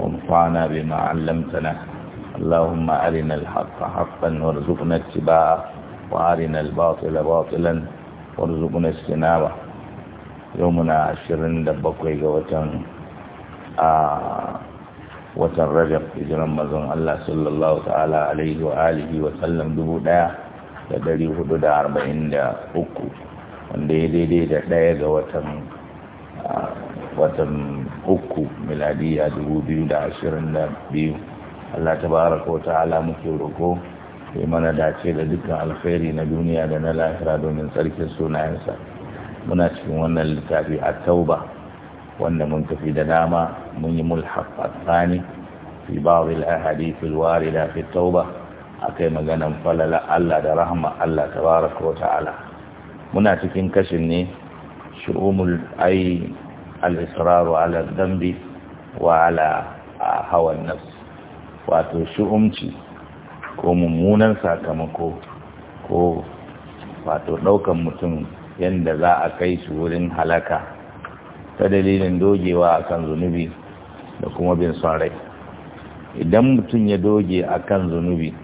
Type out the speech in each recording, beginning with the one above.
وانفعنا بما علمتنا اللهم أرنا الحق حقا وارزقنا اتباعه وأرنا الباطل باطلا وارزقنا اجتنابه يومنا عشرين دبقوا وتن آه watan rajab hijiran mazan Allah sallallahu ta'ala alaihi wa alihi dubu daya da dari hudu da arba'in da uku daidai da daya ga watan uku miladiya dubu biyu da ashirin da biyu Allah ta baraka ta'ala muke roƙo sai mana dace da dukkan alkhairi na duniya da na lahira domin tsarkin sunayensa muna cikin wannan littafi a tauba wanda mun tafi da dama mun yi mulhaq tsani fi ba'd al-ahadith al da fi tauba akai maganan falala Allah da rahma Allah tabaraka wa ta'ala muna cikin kashin ne shu'umul ay al-israru ala dhanbi wa ala hawan nasu, wato shu'umci ko mummunan sakamako ko wato daukan mutum yadda za a kai shi wurin halaka ta dalilin dogewa a kan zunubi da kuma bin son rai idan mutum ya doge a kan zunubi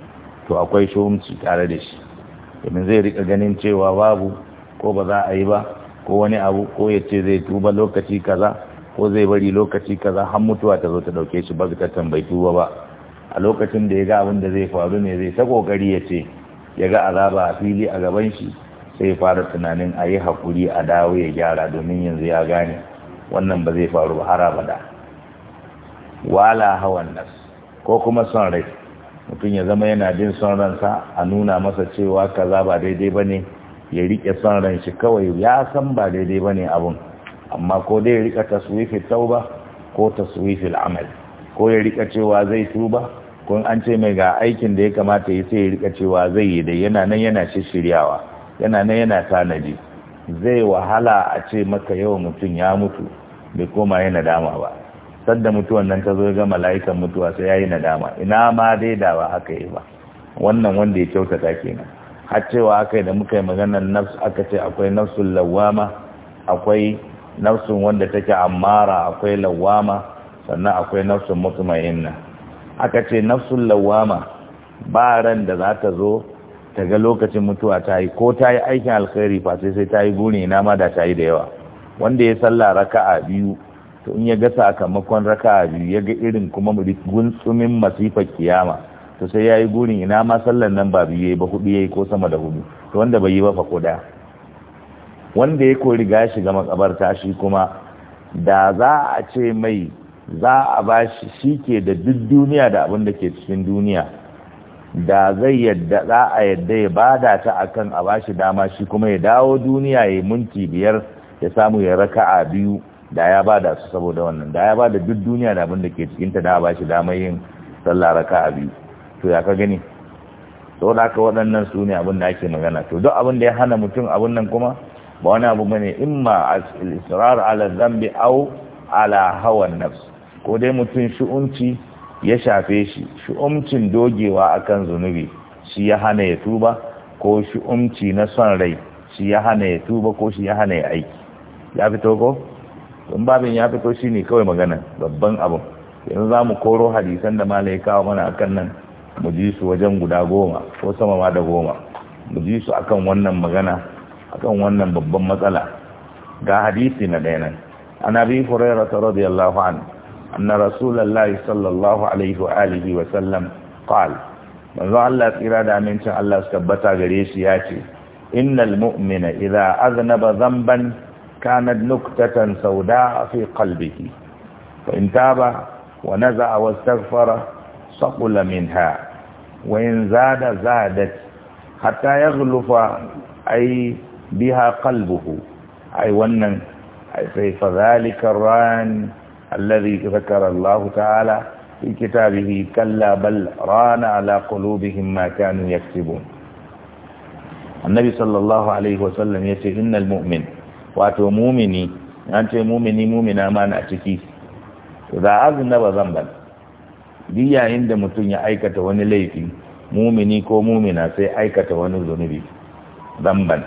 to akwai shu'umci tare da shi domin zai riƙa ganin cewa babu ko ba za a yi ba ko wani abu ko ya ce zai tuba lokaci kaza ko zai bari lokaci kaza har mutuwa ta zo ta dauke shi ba ta tambayi tuba ba a lokacin da ya ga abin da zai faru ne zai ta kokari ya ce ya ga azaba a fili a gaban shi sai fara tunanin a yi hakuri a dawo ya gyara domin yanzu ya gane wannan ba zai faru ba har abada wala hawan nas ko kuma son rai mutum ya zama yana jin son ransa a nuna masa cewa kaza ba daidai ba ne ya rike son ran shi kawai ya san ba daidai ba ne abun amma ko dai ya rika taswifin tauba ko taswifin amal ko ya rika cewa zai tuba ko an ce mai ga aikin da ya kamata ya sai ya rika cewa zai yi da yana nan yana shiryawa yana nan yana tanaji zai wahala a ce maka yau mutum ya mutu bai koma ya nadama ba sadda mutuwan nan ta zo ga mala'ikan mutuwa sai ya yi nadama ina ma dai da ba haka yi ba wannan wanda ya kyautata kenan har cewa aka yi da muka yi maganar nafs aka ce akwai nafsun lawama akwai nafsun wanda take amara akwai lawama sannan akwai nafsun mutumainna aka ce nafsun lawama ba ran da za ta zo ta ga lokacin mutuwa ta yi ko ta yi aikin alkhairi fa sai ta yi gune na ma da ta yi da yawa wanda ya salla raka'a biyu to in ya ga sakamakon raka'a biyu ya ga irin kuma gunsumin masifar kiyama to sai yayi gurin ina ma sallan nan ba biye ba hudu yayi ko sama da hudu to wanda bai yi ba fa ko wanda ya ko riga ga makabarta shi kuma da za a ce mai za a ba shi shi ke da duk duniya da abin da ke cikin duniya da zai yadda za a yadda ya bada ta akan a ba shi dama shi kuma ya dawo duniya ya minti biyar ya samu ya raka a biyu da ya bada su saboda wannan da ya bada duk duniya da abin da ke cikin ta da ba shi dama yin sallah raka a biyu to ya ka gani da ka waɗannan su ne abin da ake magana to duk abin da ya hana mutum abin nan kuma ba wani abu bane imma al-israr ala dhanbi aw ala hawan nafs ko dai mutum shu'unci ya shafe shi shu'umcin dogewa akan zunubi shi ya hana ya tuba ko shu'umci na son rai shi ya hana ya tuba ko shi ya hana ya aiki ya fito ko in babin ya fito shine kawai magana babban abu yanzu za mu koro hadisan da malai kawo mana akan nan mu ji su wajen guda goma ko sama ma da goma mu ji su akan wannan magana akan wannan babban matsala ga hadisi na ɗaya nan an abi hurairah radiyallahu anhu anna sallallahu alaihi wa alihi wa sallam qala manzo Allah tsira da amincin Allah su tabbata gare shi ya ce innal mu'mina idza aznaba dhanban kanat nuktatan sauda fi qalbihi fa in taba wa naza'a wastaghfara saqula minha wayin zada zadat hatta ya zulufa ai biha qalbuhu ai wannan sai fa zalika ran alladhi zakara Allah ta'ala fi kitabihi kalla bal rana ala qulubihim ma kanu yaktubun annabi sallallahu alaihi wasallam yace innal mu'min wato mu'mini an ce mu'mini mu'mina ma na ciki to ba zan bal duk yayin da mutum ya aikata wani laifi mumini ko mumina sai aikata wani zunubi zamban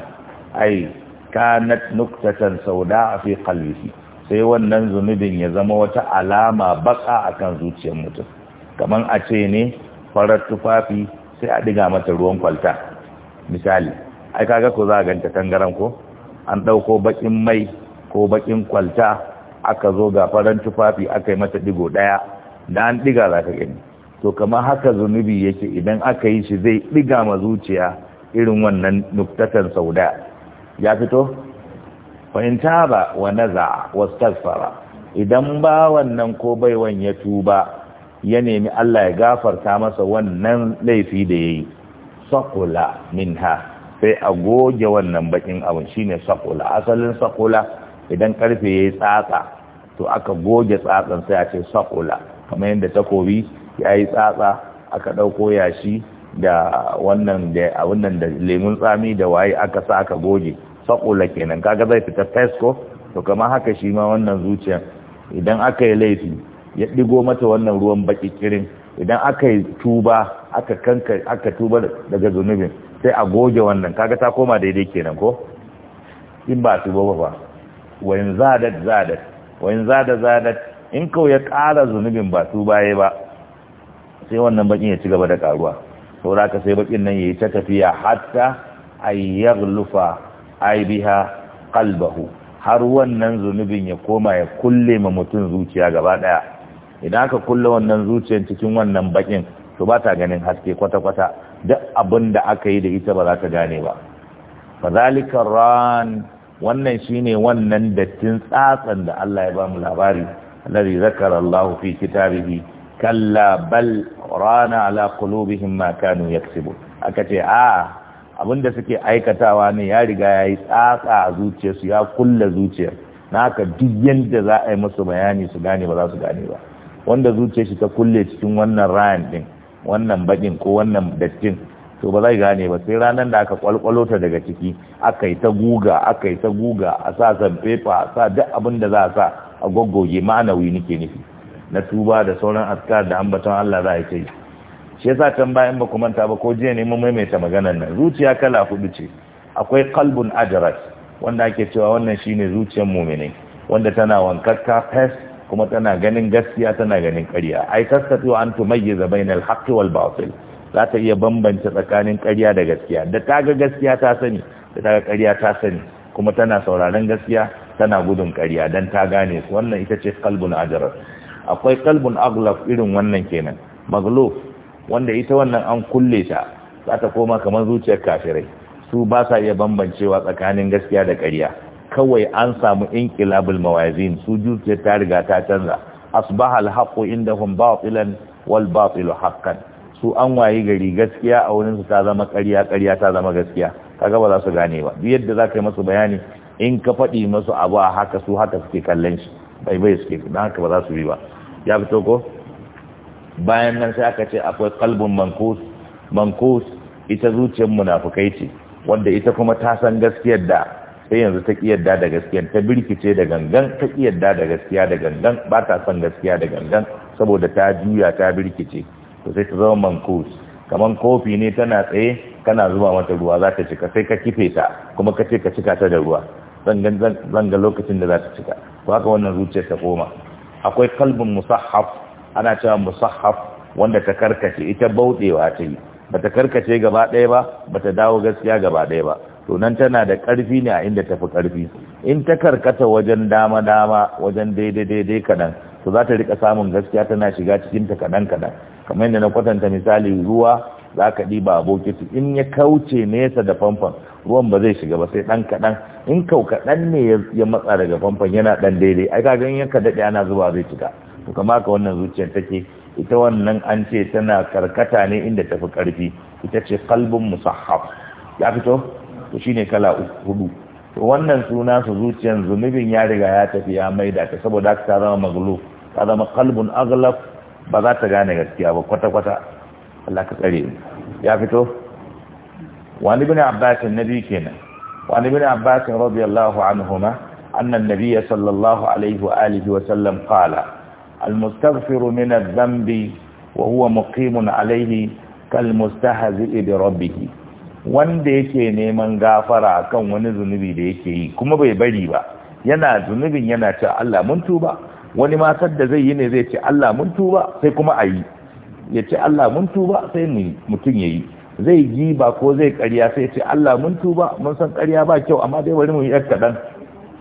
ai kanat nuktatan sauda a fi kalbisi sai wannan zunubin ya zama wata alama baka akan zuciyar mutum Kamar a ce ne farar tufafi sai a diga mata ruwan kwalta misali ai kaga ku za ganta tangaran ko an dauko bakin mai ko bakin kwalta aka zo ga farar tufafi aka yi mata digo daya da an diga za ka gani to kamar haka zunubi yake idan aka yi shi zai diga ma zuciya irin wannan nuktatan sauda ya fito fahimta ba wa naza tasfara idan ba wannan ko baiwan ya tuba ya nemi Allah ya gafarta masa wannan laifi da ya yi yayi min minha sai a goge wannan bakin abin shine sakula asalin sakula idan karfe ya yi tsatsa to aka goge tsatsan sai a ce sakula kamar yadda takobi ya yi tsatsa aka ɗauko yashi da wannan da lemun tsami da waye aka sa aka goge sakula kenan kaga zai fita fesco to kamar haka shi ma wannan zuciya idan aka yi laifi ya ɗigo mata wannan ruwan baki kirin idan aka yi tuba aka kanka aka tuba daga zunubin sai a goge wannan kaga ta koma daidai kenan ko in ba su ba ba wayan zadat zadat wayan zadat in kawai ya ƙara zunubin ba su baya ba sai wannan bakin ya ci gaba da ƙaruwa da haka sai bakin nan ya yi ta tafiya hatta ayyaglufa aibiha kalbahu har wannan zunubin ya koma ya kulle ma mutum zuciya gaba ɗaya. idan aka kulle wannan zuciyar cikin wannan bakin to ba ta ganin haske kwata-kwata duk abin da aka yi da ita ba za ta gane ba fadhalika ran wannan shine wannan dattin tsatsan da Allah ya ba labari الذي ذكر الله في كتابه كلا بل ران على قلوبهم ما كانوا يكسبون akace a abinda suke aikatawa ne ya riga ya yi tsatsa a zuciyarsu ya kulla zuciyar naka duk yanda za a yi musu bayani su gane ba za su gane ba wanda zuciyar shi ta kulle cikin wannan rayan din wannan bakin ko wannan dattin to ba zai gane ba sai ranar da aka kwalkwalo ta daga ciki aka yi ta guga aka yi ta guga a sa san pepa a sa duk abin da za a sa a goggoge ma'anawi nake nufi na tuba da sauran askar da ambaton Allah za a kai shi yasa can bayan ba manta ba ko jiya ne mun maimaita maganar nan zuciya kala hudu ce akwai kalbun ajrat wanda ake cewa wannan shine zuciyar mu'mini wanda tana wankakka fes kuma tana ganin gaskiya tana ganin ƙarya ai tasatu an tumayyiza bainal haqqi wal batil za ta iya bambance tsakanin ƙarya da gaskiya da ta ga gaskiya ta sani da ta ga ƙarya ta sani kuma tana sauraron gaskiya tana gudun ƙarya dan ta gane su wannan ita ce kalbun ajarar akwai kalbun aglaf irin wannan kenan magluf wanda ita wannan an kulle ta za ta koma kamar zuciyar kafirai su ba sa iya bambancewa tsakanin gaskiya da ƙarya kawai an samu inqilabul mawazin su zuciyar ta riga ta canza asbahal al-haqqu indahum batilan wal batilu haqqan su an wayi gari gaskiya a wurin ta zama ƙarya ƙarya ta zama gaskiya kaga ba za su gane ba duk yadda za ka yi masu bayani in ka faɗi masu abu a haka su haka suke kallon shi bai bai suke na haka ba za su bi ba ya fito ko bayan nan sai aka ce akwai kalbin mankus mankus ita zuciyar munafukai ce wanda ita kuma ta san gaskiyar da sai yanzu ta kiyarda da gaskiyar ta birkice da gangan ta kiyarda da gaskiya da gangan ba ta san gaskiya da gangan saboda ta juya ta birkice to sai ta zama mankus kamar kofi ne tana tsaye kana zuba mata ruwa za ta cika sai ka kife ta kuma ka ce ka cika ta da ruwa zan ga lokacin da za ta cika ko haka wannan zuciyar ta koma akwai kalbin musahaf ana cewa musahaf wanda ta karkace ita bauɗewa ta yi ba ta karkace gaba ɗaya ba ba ta dawo gaskiya gaba ɗaya ba to nan tana da ƙarfi ne a inda ta fi ƙarfi in ta karkata wajen dama dama wajen daidai daidai kaɗan to za ta riƙa samun gaskiya tana shiga cikin ta kaɗan kaɗan kamar yadda na kwatanta misali ruwa za ka ɗiba a bokiti in ya kauce nesa da famfon ruwan ba zai shiga ba sai dan kaɗan in kau kaɗan ne ya matsa daga famfon yana dan daidai ai ka ganin yanka dade ana zuwa zai shiga to kamar ka wannan zuciyar take ita wannan an ce tana karkata ne inda tafi karfi ita ce kalbun musahab ya fito to shine kala hudu to wannan suna su zuciyar zunubin ya riga ya tafi ya maida ta saboda haka ta zama maglu ta zama kalbun aglaf ba za ta gane gaskiya ba kwata kwata Allah ka tsare ya fito wani bin abbasin nabi kenan wani bin abbasin radiyallahu anhuma annan nabiyya sallallahu alaihi wa alihi wa sallam qala almustaghfiru min adh-dhanbi wa huwa muqimun alaihi kalmustahzi'i bi rabbih wanda yake neman gafara kan wani zunubi da yake yi kuma bai bari ba yana zunubin yana ce Allah mun tuba wani ma da zai yi ne zai ce Allah mun tuba sai kuma a yi ya ce Allah mun tuba sai mutum ya yi zai giba ko zai karya sai ce Allah mun tuba mun san ƙarya ba kyau amma dai bari mu yi kaɗan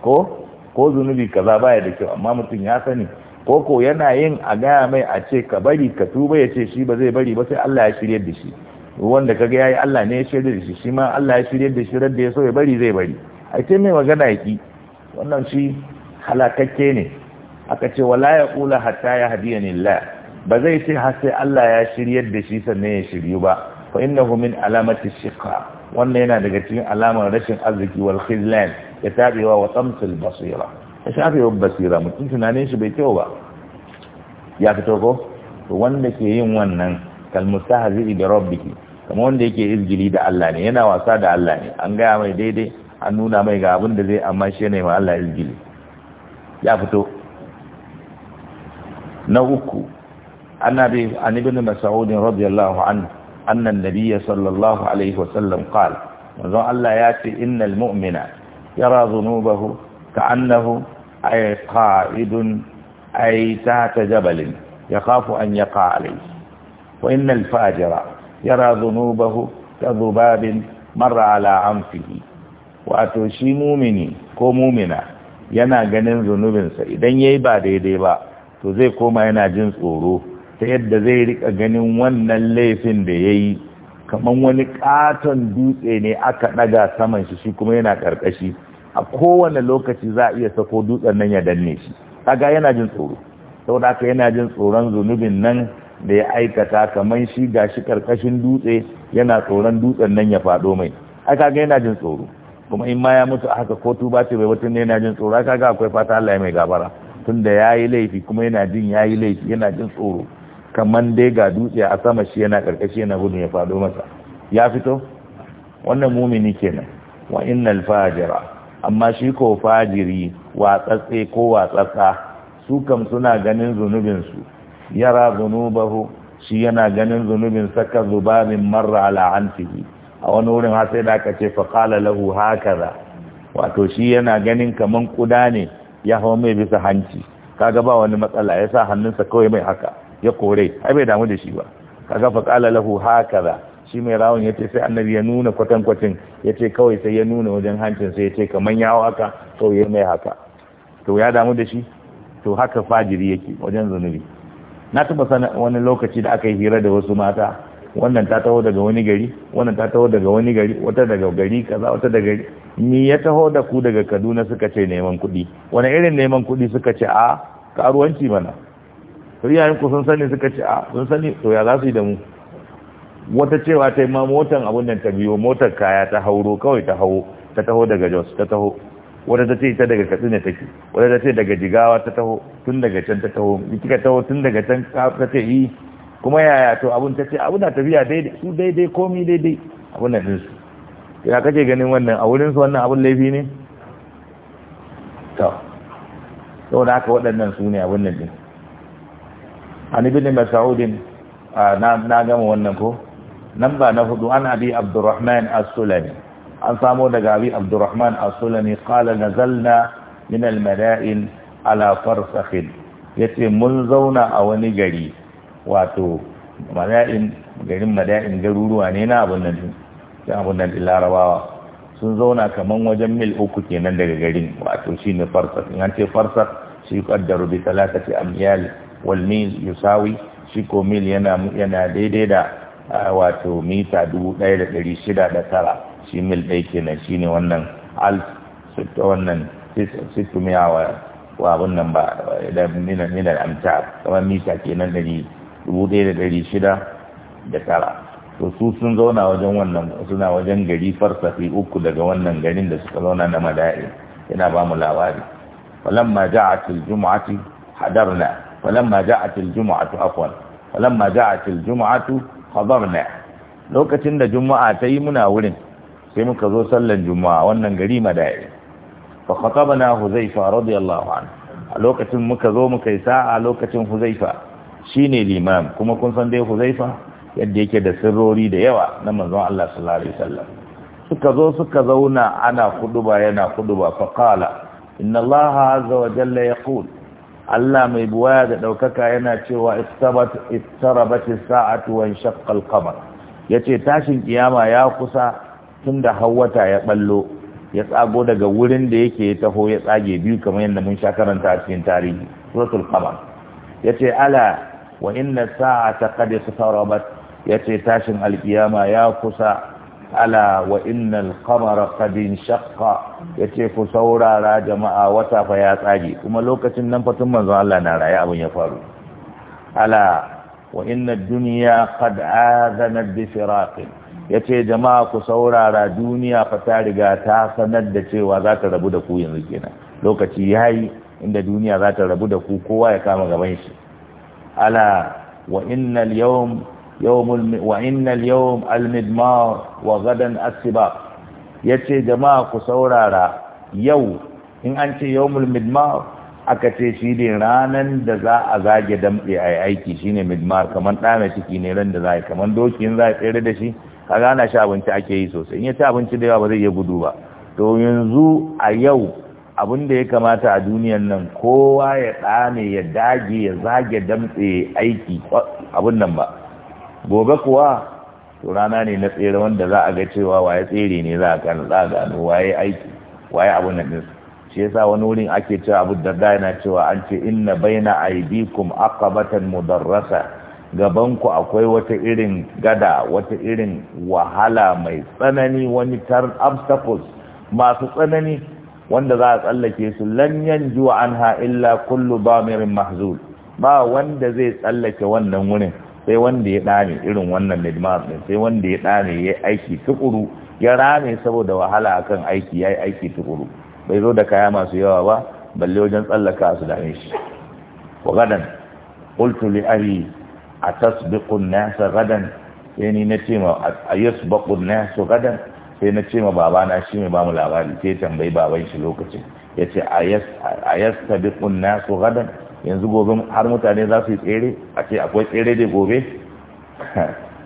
ko ko zunubi kaza baya da kyau amma mutum ya sani ko ko yana yin a gaya mai a ce ka bari ka tuba ya ce shi ba zai bari ba sai Allah ya shirye da shi wanda kaga yayi Allah ne ya shirye da shi shi ma Allah ya shirye da shi radda ya so ya bari zai bari ai sai mai magana yaki wannan shi halakakke ne aka ce wala ya kula hatta ya hadiyani Allah ba zai ce har sai Allah ya shirye da shi sannan ya shiryu ba fa innahu min alamati shiqa wannan yana daga cikin alamar rashin arziki wal khizlan ya tabewa wa tamsil basira ya shafe wa basira mutum tunanin shi bai kyau ba ya fito ko to wanda ke yin wannan kal mustahzi bi rabbiki kamar wanda yake izgili da Allah ne yana wasa da Allah ne an gaya mai daidai an nuna mai ga abin da zai amma shi ne ma Allah izgili ya fito na uku annabi an ibn mas'ud radiyallahu anhu أن النبي صلى الله عليه وسلم قال منذ أن يأتي إن المؤمن يرى ذنوبه كأنه أي قائد أي تحت جبل يخاف أن يقع عليه وإن الفاجر يرى ذنوبه كذباب مر على عنفه وأتوشي مؤمني كمؤمنا ينا جنن ذنوب سيدا يبا ديبا تزيكو ما ينا جنس أوروه ta yadda zai rika ganin wannan laifin da ya yi kamar wani katon dutse ne aka ɗaga saman shi shi kuma yana ƙarƙashi a kowane lokaci za a iya sako dutsen nan ya danne shi kaga yana jin tsoro saboda haka yana jin tsoron zunubin nan da ya aikata kamar shi gashi ƙarƙashin dutse yana tsoron dutsen nan ya faɗo mai ai kaga yana jin tsoro kuma in ma ya mutu a haka ko tuba ce bai mutum yana jin tsoro kaga akwai fata Allah ya mai gabara tunda yayi laifi kuma yana jin yayi laifi yana jin tsoro kamar dai ga dutse a sama shi yana karkashi yana gudun ya fado masa ya fito wannan mumini kenan wa innal fajira amma shi ko fajiri watsatse ko watsatsa su kam suna ganin zunubin su yara zunubahu shi yana ganin zunubin saka zubabin marra ala antihi a wani wurin har sai da aka ce fa qala lahu hakaza wato shi yana ganin kaman kuda ne ya hawo mai bisa hanci kaga ba wani matsala yasa hannunsa kawai mai haka ya kore ai bai damu da shi ba kaga fa qala lahu hakaza shi mai rawon yace sai annabi ya nuna kwatan kwatin yace kawai sai ya nuna wajen hancin sai yace kaman yawo haka to yayi mai haka to ya damu da shi to haka fajiri yake wajen zunubi na taba sana wani lokaci da aka yi hira da wasu mata wannan ta taho daga wani gari wannan ta taho daga wani gari wata daga gari kaza wata daga gari ni ya taho da ku daga Kaduna suka ce neman kuɗi wani irin neman kuɗi suka ce a karuwanci mana Sai iyayen ku sun sani suka ce a sun sani to ya za su yi da mu wata cewa ta yi ma motan abin nan ta biyo motar kaya ta hauro kawai ta hau ta taho daga jos ta taho wata ta ce ta daga katsina take wata ta ce daga jigawa ta taho tun daga can ta taho kika taho tun daga can ta ce yi eh. kuma yaya to abun ta ce abu na tafiya daidai su daidai komi daidai abun nan su ya kake ganin wannan a wurin su wannan abun laifi ne to saboda haka waɗannan su ne abun nan din an ibn mas'ud na na gama wannan ko nan ba na hudu an abi abdurrahman as-sulami an samu daga abi abdurrahman as-sulami qala nazalna min al-mala'il ala farsakhin yace mun zauna a wani gari wato mala'in garin mala'in garuruwa ne na abun nan da abun nan larabawa sun zauna kaman wajen mil uku kenan daga garin wato shine farsak in an ce farsak shi kaddaru bi talatati amyal walmin yusawi shi ko mil yana yana daidai da wato mita dubu da shida da tara shi mil ɗaya kenan shi ne wannan alf sita wannan situmiya wa wannan ba da minan amta kamar mita kenan ɗari dubu da ɗari shida da tara to su sun zauna wajen wannan suna wajen gari farsafi uku daga wannan garin da suka zauna na mada'i yana ba mu labari falamma ja'atul jum'ati hadarna falamma ja'at al-jum'atu afwan falamma ja'at al-jum'atu hadarna lokacin da juma'a ta yi muna wurin sai muka zo sallan juma'a wannan gari madaya fa khatabana huzaifa radiyallahu anhu a lokacin muka zo muka yi sa'a lokacin huzaifa shine limam kuma kun san dai huzaifa yadda yake da sirrori da yawa na manzon Allah sallallahu alaihi wasallam suka zo suka zauna ana kuduba yana kuduba fa qala inna Allah azza wa jalla yaqul Allah mai buwaya da ɗaukaka yana cewa istarabati sa'atu wa shaqqa al Ya yace tashin kiyama ya kusa tunda Hauwata ya ballo ya tsago daga wurin da yake ya taho ya tsage biyu kamar yadda mun sha karanta cikin tarihi suratul qamar yace ala wa inna sa'ata qad Ya yace tashin alkiyama ya kusa ala wa innal qamara qad inshaqqa yace ku saurara jama'a wata fa ya tsage kuma lokacin nan fatun manzon Allah na raye abin ya faru ala wa inna dunya qad azana bi firaq yace jama'a ku saurara duniya fa ta riga ta sanar da cewa za ta rabu da ku yanzu kenan lokaci yayi inda duniya za ta rabu da ku kowa ya kama gaban shi ala wa innal yawm يوم الم... وإن اليوم المدمار وغدا ku يتي yau in يو ce yawon يوم المدمار akace shi ne ranan da za a zage damɗe a aiki shi ne midmar kamar ɗana ciki ne ran da za a kamar in za a tsere da shi ka gana shi abinci ake yi sosai in ya ci abinci da yawa ba zai iya gudu ba to yanzu a yau abin da ya kamata a duniyan nan kowa ya ɗane ya dage ya zage damtse aiki abin nan ba gobe kuwa to rana ne na tsere wanda za a ga cewa waye tsere ne za a gano waye aiki waye abun nan din shi yasa wani wurin ake cewa abu da yana cewa an ce inna baina aidikum aqabatan mudarrasa gaban ku akwai wata irin gada wata irin wahala mai tsanani wani tar obstacles masu tsanani wanda za a tsallake su lan yanju anha illa kullu bamirin mahzul ba wanda zai tsallake wannan wurin sai wanda ya dame irin wannan nidmas ne sai wanda ya dame ya aiki tukuru ya rame saboda wahala akan aiki ya aiki tukuru bai zo da kaya masu yawa ba balle wajen tsallaka su dame shi wa gadan qultu li abi atasbiqu an-nas gadan sai ni na ce ma an-nas gadan sai na ce ma babana shi mai bamu labari sai tambayi baban shi lokacin yace ayas ayastabiqu an-nas gadan yanzu gobe har mutane za su yi tsere a ce akwai tsere dai gobe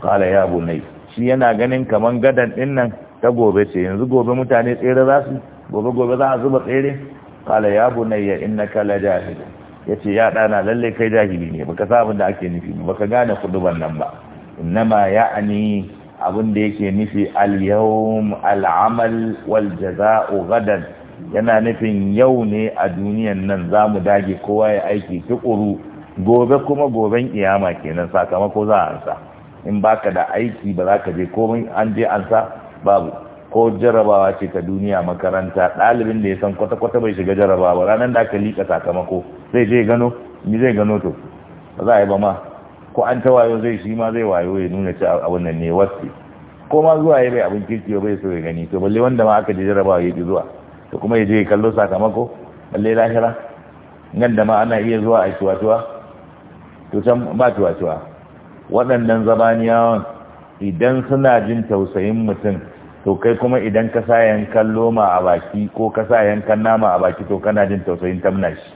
kala ya nai. shi yana ganin kaman gadan din nan ta gobe ce yanzu gobe mutane tsere za su gobe gobe za a zuba tsere kala ya nai ya innaka kala jahil ce ya dana lalle kai jahili ne baka sa abin da ake nufi ba. ka gane kuduban nan ba innama ya'ani abin da yake nufi al-yawm al-amal wal jaza'u gadan yana nufin yau ne a duniyan nan za mu dage kowa ya aiki tukuru gobe kuma goben kiyama kenan sakamako za a ansa in baka da aiki ba za ka je komai an je ansa babu ko jarabawa ce ta duniya makaranta ɗalibin da ya san kwata-kwata bai shiga jarabawa ranar da aka liƙa sakamako zai je gano ni zai gano to ba za a yi ba ma ko an ta wayo zai shi ma zai wayo ya nuna ci a wannan ne wasu ko ma zuwa ya bai abin kirki bai so ya gani to balle wanda ma aka je jarabawa ya ki zuwa to kuma ya kallo sakamako balle lahira nan da ma ana iya zuwa a tuwatuwa? to can ba tuwatuwa waɗannan zabaniyawan idan suna jin tausayin mutum to kai kuma idan ka sa yankan loma a baki ko ka sa yankan nama a baki to kana jin tausayin tamna shi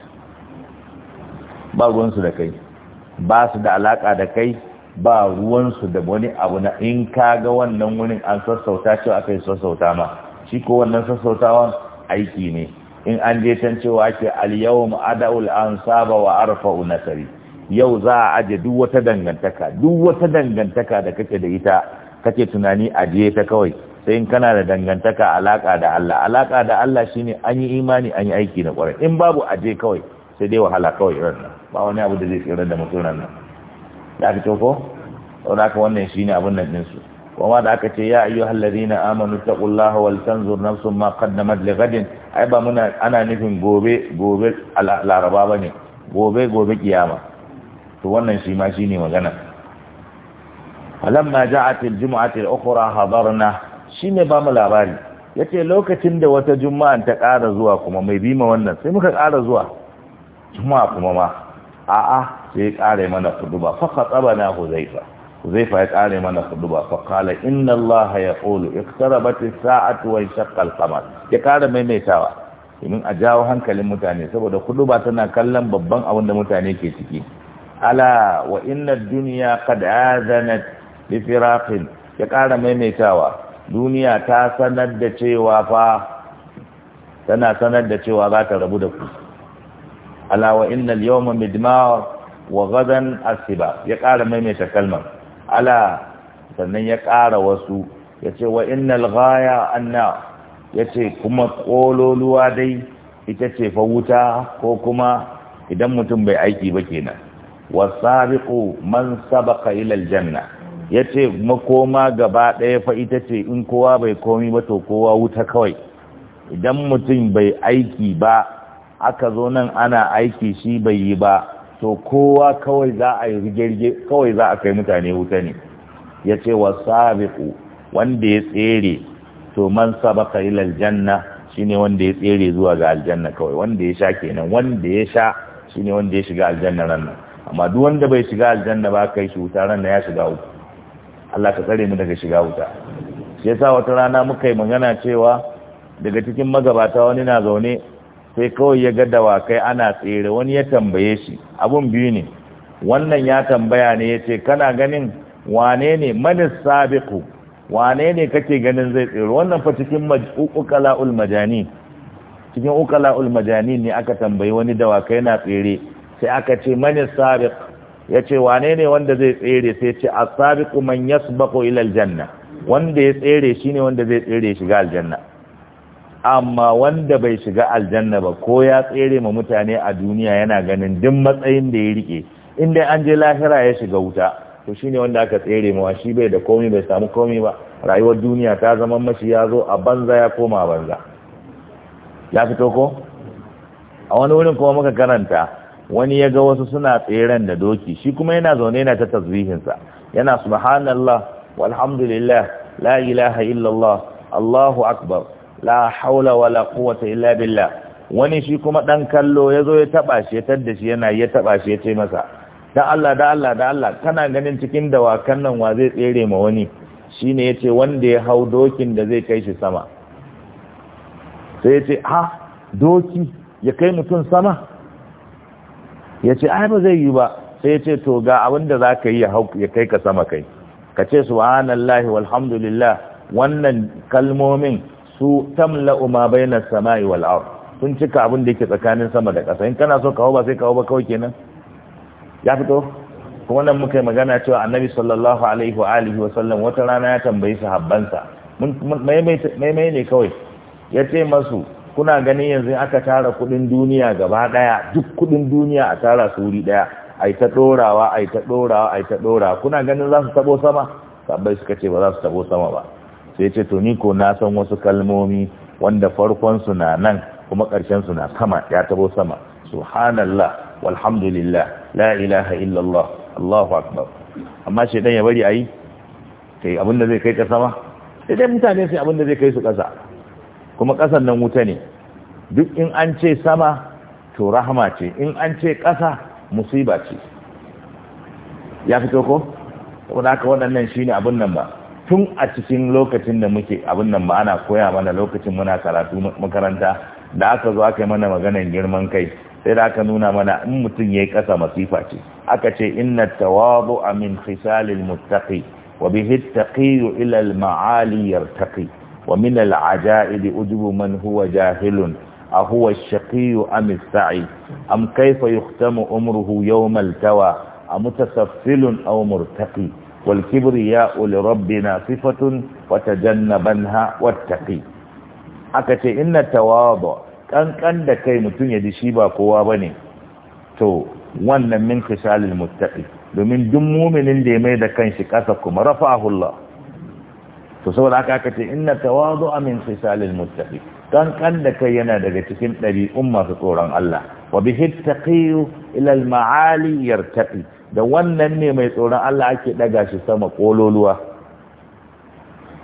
ba ruwansu da kai ba su da alaka da kai ba ruwansu da wani abu na in ka ga wannan wurin an sassauta cewa aka sassauta ma shi ko wannan sassautawa aiki ne in an je can cewa ke al-yawm ada'ul ansaba wa arfa'u nasari yau za a aje duk wata dangantaka duk wata dangantaka da kake da ita kake tunani je ta kawai sai in kana da dangantaka alaka da Allah alaka da Allah shine an yi imani an yi aiki na kwarai in babu aje kawai sai dai wahala kawai irin nan ba wani abu da zai tsira da mutunan nan da aka to ko aka haka wannan shine abin nan din kuma da aka ce ya ayyuhal ladina amanu taqullaha wal tanzur nafsun ma qaddamat lighadin ai ba muna ana nufin gobe gobe laraba bane gobe gobe kiyama to wannan shi ma shine magana falamma ja'at al-jum'at al-ukhra hadarna ba mu labari yace lokacin da wata juma'an ta ƙara zuwa kuma mai bima wannan sai muka ƙara zuwa juma'a kuma ma a'a sai ya ƙara mana kudu ba fa khatabana huzaifa fa ya kare mana huduba fa qala inna allaha yaqulu iqtarabat as-sa'atu wa shaqqa al-qamar ya kare maimaitawa domin a jawo hankalin mutane saboda huduba tana kallon babban abin da mutane ke ciki ala wa inna ad-dunya qad azanat bi firaqin ya mai maimaitawa duniya ta sanar da cewa fa tana sanar da cewa za ta rabu da ku ala wa inna al-yawma midmar wa ghadan asiba ya mai maimaita kalmar ala sannan ya ƙara wasu ya ce wa innal ghaya anna ya ce kuma ƙololuwa dai ita ce fa wuta ko kuma idan mutum bai aiki ba kenan wasabiqu man sabaqa ila aljanna yace makoma gaba ɗaya fa ita ce in kowa bai komi ba to kowa wuta kawai idan mutum bai aiki ba aka zo nan ana aiki shi bai yi ba to kowa kawai za a yi rigirge kawai za a kai mutane wuta ne ya ce wa sabiku wanda ya tsere to man sabaka ila aljanna shine wanda ya tsere zuwa ga aljanna kawai wanda ya sha kenan wanda ya sha shine wanda ya shiga aljanna nan amma duk wanda bai shiga aljanna ba kai shi wuta ran ya shiga wuta Allah ka tsare mu daga shiga wuta shi yasa wata rana muka yi magana cewa daga cikin magabata wani na zaune sai kawai ya ga dawakai ana tsere wani ya tambaye shi abun biyu ne wannan ya tambaya ne ya ce kana ganin wane ne manis sabiku wane ne kake ganin zai tsere wannan fa cikin ukala'ul majani cikin ukala'ul majani ne aka tambayi wani dawakai na tsere sai aka ce manis sabik ya ce wane ne wanda zai tsere sai ce a sabiku man yasbaku ila aljanna wanda ya tsere shi shine wanda zai tsere shiga aljanna amma wanda bai shiga aljanna ba ko ya tsere ma mutane a duniya yana ganin duk matsayin da ya rike in dai an je lahira ya shiga wuta to shine wanda aka tsere ma shi bai da komai bai samu komai ba rayuwar duniya ta zama mashi ya zo a banza ya koma banza ya fito ko a wani wurin kuma muka karanta wani ya ga wasu suna tseren da doki shi kuma yana zaune yana ta tasbihinsa yana subhanallah walhamdulillah la ilaha illallah allahu akbar la haula wala quwwata illa billah wani shi kuma dan kallo yazo ya taba shi ya tadda shi yana ya taba shi ya ce masa da Allah da Allah da Allah kana ganin cikin dawakan nan wa zai tsere ma wani shine yace wanda ya hau dokin da zai kai shi sama sai yace ha doki ya kai mutum sama yace ai ba zai yi ba sai yace to ga abin da zaka yi ya hau ya kai ka sama kai kace subhanallahi walhamdulillah wannan kalmomin su tamla'uma ma bayna samai wal ard sun cika abin da yake tsakanin sama da ƙasa in kana so kawo ba sai kawo ba kawai kenan ya fito kuma nan muka yi magana cewa annabi sallallahu alaihi wa alihi wa sallam wata rana ya tambayi mai maimai ne kawai ya ce masu kuna ganin yanzu aka tara kudin duniya gaba daya duk kudin duniya a tara su wuri daya ai ta dorawa ai ta dorawa ai ta dorawa kuna ganin za su tabo sama sabai suka ce ba za su tabo sama ba sai ce to ni ko na san wasu kalmomi wanda farkon su na nan kuma ƙarshen su na sama ya tabo sama subhanallah walhamdulillah la ilaha illallah allahu akbar amma dan ya bari ayi abin da zai kai ka sama sai dai mutane sai da zai kai su ƙasa kuma ƙasan nan wuta ne duk in an ce sama to rahama ce in an ce ƙasa musiba ce ya fito ko saboda haka waɗannan shine abin nan ba tun a cikin lokacin da muke abin nan ba ana koya mana lokacin muna karatu makaranta da aka zo aka yi mana maganan girman kai sai da aka nuna mana in mutum ya yi ƙasa masifa ce aka ce inna tawadu min khisalil muttaqi wa bihi taqiyu ila al ma'ali yartaqi wa min al ajaib ujubu man huwa jahilun a huwa shaqiyu am sa'i am kayfa yuhtamu umruhu yawm al tawa am mutasaffilun aw murtaqi wal kibriya'u li rabbina sifatun wa tajannabanha wattaqi aka ce inna tawadu kankan da kai mutum ya ji shi ba kowa bane to wannan min khisalil muttaqi domin duk muminin da ya mai da kanshi kasa kuma rafa'ahu Allah to saboda haka aka ce inna tawadu'a min khisalil muttaqi ƙanƙan da kai yana daga cikin ɗabi'un masu tsoron Allah wa bihi taqiyu ila al ma'ali yartaqi da wannan ne mai tsoron Allah ake daga shi sama kololuwa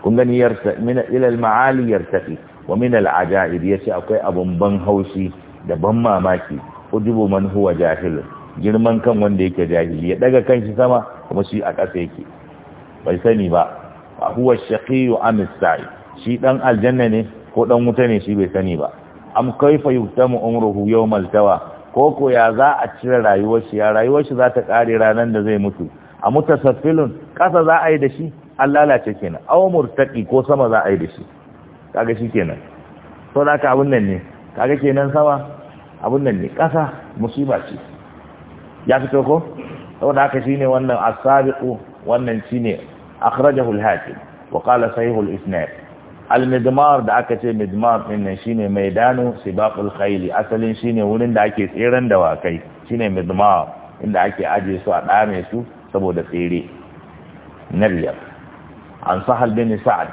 kun gani yarsa min ilal ma'ali yartafi wa min al ajaib yace akwai abun ban haushi da ban mamaki ujubu man huwa jahil girman kan wanda yake jahili ya daga kanshi sama kuma shi a ƙasa yake bai sani ba a huwa wa am sa'i shi dan aljanna ne ko dan wuta ne shi bai sani ba am kaifa yuftamu umruhu yawmal tawa ko ya za a cire rayuwar shi ya rayuwar shi za ta kare ranar da zai mutu a mutasaffilun kasa za a yi da shi an lalace kenan aw murtaqi ko sama za a yi da shi kaga shi kenan to da ka abun nan ne kaga kenan sama abun nan ne kasa musiba ce ya fito ko da ka shine wannan asabiqu wannan shine akhrajahu al-hakim wa qala sahih al-isnad al da aka ce midmar din nan shine maidanu sibaqul khayl asalin shine wurin da ake tseren dawakai shine midmar inda ake aje su a dame su saboda tsere na biyar an sahal bin sa'ad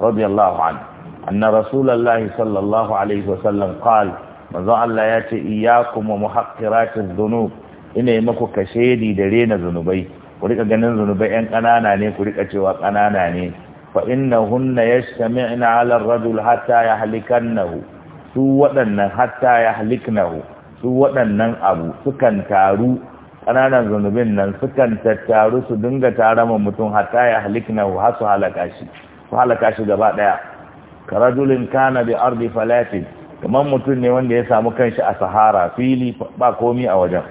radiyallahu anhu anna rasulullahi sallallahu alaihi wasallam qala manzo Allah ya ce iyyakum wa muhaqqiratiz dhunub ina yi maku kashedi da rena zunubai ku rika ganin zunubai yan kanana ne ku rika cewa kanana ne fa innahunna yastami'na 'ala ar-rajul hatta yahlikannahu su waɗannan hatta yahliknahu su waɗannan abu sukan taru ƙananan zunubin nan sukan tattaru su dinga tarama ma mutum hatta yahliknahu har su halaka shi su halaka shi gaba ɗaya karajulin kana bi ardi falatin kamar mutum ne wanda ya samu kanshi a sahara fili ba komi a wajen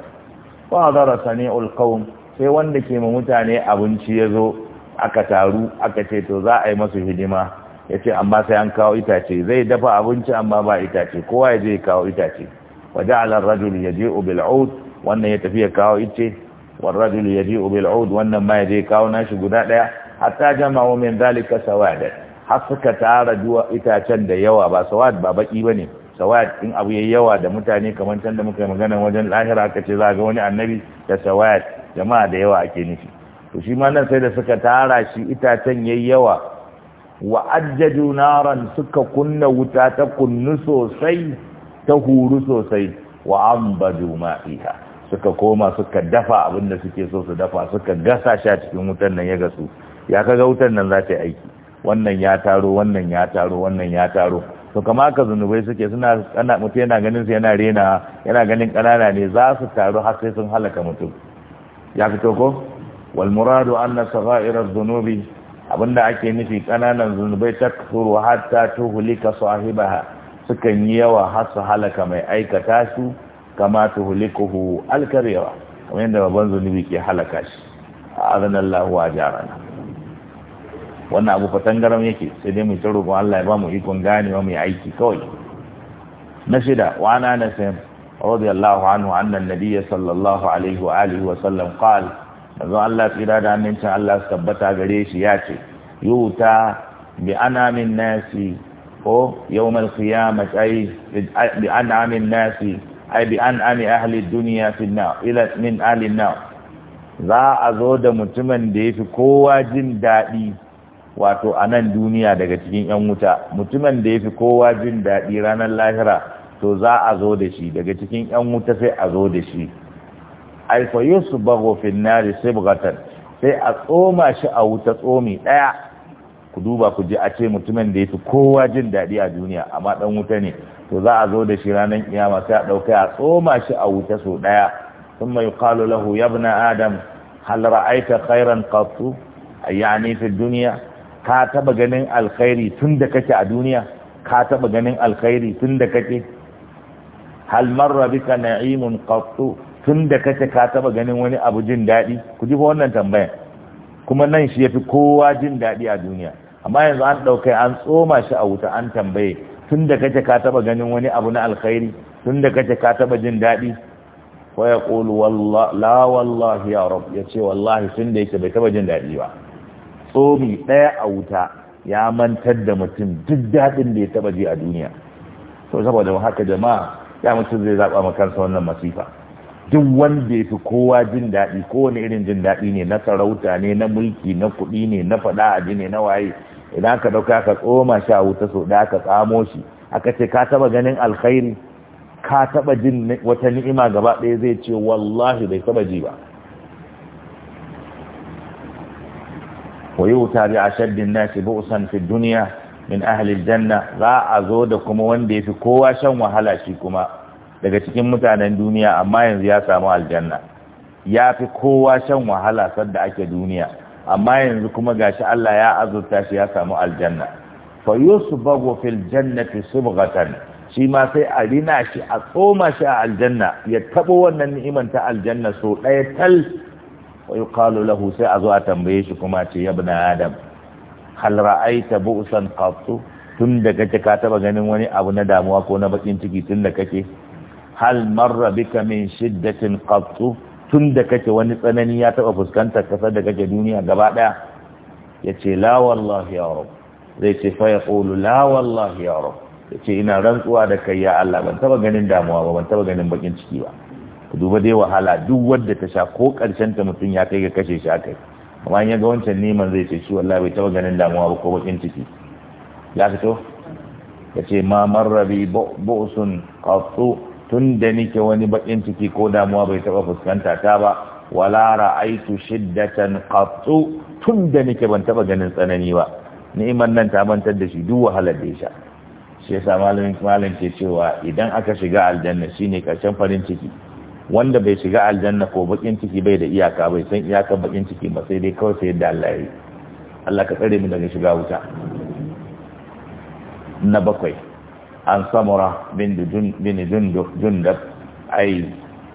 ba zara sani'ul qawm sai wanda ke ma mutane abinci ya zo aka taru aka ce to za a yi masu hidima ya ce amma sai an kawo itace zai dafa abinci amma ba itace kowa ya je ya kawo itace waje alar rajul ya je ubil ud wannan ya tafi ya kawo ice wal rajul ya je ud wannan ma ya je kawo nashi guda daya hatta jama'u min zalika sawad har suka tara duwa itacen da yawa ba sawad ba baki ne sawad in abu yayi yawa da mutane kamar can da muka yi magana wajen lahira aka ce za ga wani annabi da sawad jama'a da yawa ake nufi to shi ma nan sai da suka tara shi itacen yayi yawa wa ajjadu naran suka kunna wuta ta kunnu sosai ta huru sosai wa ambadu ma'iha suka koma suka dafa abinda suke so su dafa suka gasa shi a cikin wutan nan ya gasu ya kaga wutan nan za ta yi aiki wannan ya taro wannan ya taro wannan ya taro to kama ka zunubai suke suna ana mutum yana ganin su yana rena yana ganin kanana ne za su taru har sai sun halaka mutum ya fito ko wal muradu anna sagha'ira adh-dhunubi abinda ake nufi kananan zunubai takfuru hatta tuhlika sahibaha sukan yi yawa har su halaka mai aikata su kama tuhlikuhu al-kabira kamar yadda babban zunubi ke halaka shi a'adana Allahu wa jarana wannan abu fatangaram yake sai dai mu ta roƙon Allah ya ba mu ikon ganewa mu aiki kawai na shida wa ana nasim radiyallahu anhu annan an sallallahu alaihi wa alihi wa sallam qala yanzu Allah tsira da amincin Allah su tabbata gare shi ya ce yuta bi anamin nasi ko yau yawmal qiyamah ay bi anamin nasi ai bi anami ahli duniya fi na ila min ahli na. za a zo da mutumin da ya fi kowa jin daɗi wato a nan duniya daga cikin yan wuta mutumin da ya fi kowa jin daɗi ranar lahira to za a zo da shi daga cikin yan wuta sai a zo da shi ai fa yusbaghu fi an-nari sai a tsoma shi a wuta tsomi daya ku duba ku ji a ce mutumin da ya fi kowa jin daɗi a duniya amma ɗan wuta ne to za a zo da shi ranar kiyama sai a dauka a tsoma shi a wuta so daya mai kalu lahu ya ibn adam hal ra'aita khairan qattu yani fi dunya ka taba ganin alkhairi tun da kake a duniya ka taba ganin alkhairi tun da kake hal marra bika na'imun qattu tun da kace ka taba ganin wani abu jin daɗi ku ji wannan tambayan kuma nan shi yafi kowa jin daɗi a duniya amma yanzu an ɗaukai an tsoma shi a wuta an tambaye tun da kace ka taba ganin wani abu na alkhairi tun da kace ka taba jin daɗi wa ya ƙulu la wallahi ya rab ya ce wallahi tun da yake bai taba jin daɗi ba tsomi ɗaya a wuta ya mantar da mutum duk daɗin da ya taba ji a duniya to saboda haka jama'a ya mutum zai zaɓa ma wannan masifa duk wanda ya fi kowa jin daɗi kowane irin jin daɗi ne na sarauta ne na mulki na kuɗi ne na faɗa aji ne na waye idan ka ɗauka aka tsoma shi a wuta so da aka tsamo shi aka ce ka taɓa ganin alkhairi ka taɓa jin wata ni'ima gaba ɗaya zai ce wallahi bai taɓa ji ba a ويؤتى fi duniya min ahli الدنيا za za zo zo kuma wanda ya fi kowa shan wahala shi kuma. daga cikin mutanen duniya amma yanzu ya samu aljanna ya fi kowa shan wahala sadda ake duniya amma yanzu kuma gashi Allah ya azurta shi ya samu aljanna fa yusbagu fil jannati subghatan shi ma sai a rina shi a tsoma shi a aljanna ya tabo wannan ni'iman ta aljanna so ɗaya tal wa yuqalu lahu sai a zo a tambaye shi kuma ce ya ibn adam hal ra'aita bu'san qattu tun daga ka taba ganin wani abu na damuwa ko na bakin ciki tun da kake hal marra bika min shiddatin qattu tun da kake wani tsanani ya taba fuskantar kasar da kake duniya gaba daya yace la wallahi ya rab zai ce fa yaqulu la wallahi ya rab yace ina rantsuwa da kai ya Allah ban taba ganin damuwa ba ban taba ganin bakin ciki ba duba dai wahala duk wanda ta sha ko karshen ta mutum ya kai ga kashe shi akai amma in ya ga wancan neman zai ce shi wallahi bai taba ganin damuwa ba ko bakin ciki ya fito yace ma marrabi bu'sun qattu tun da nike wani bakin ciki ko damuwa bai taba fuskanta ta ba wala ra'aitu shiddatan qattu tun da nike ban taba ganin tsanani ba ni'imar nan ta mantar da shi duk wahalar da ya shi yasa malamin malamin ke cewa idan aka shiga aljanna shine karshen farin ciki wanda bai shiga aljanna ko bakin ciki bai da iyaka bai san iyaka bakin ciki ba sai dai kawai sai yadda Allah ya yi Allah ka tsare mu daga shiga wuta na bakwai an samura bin jundab ai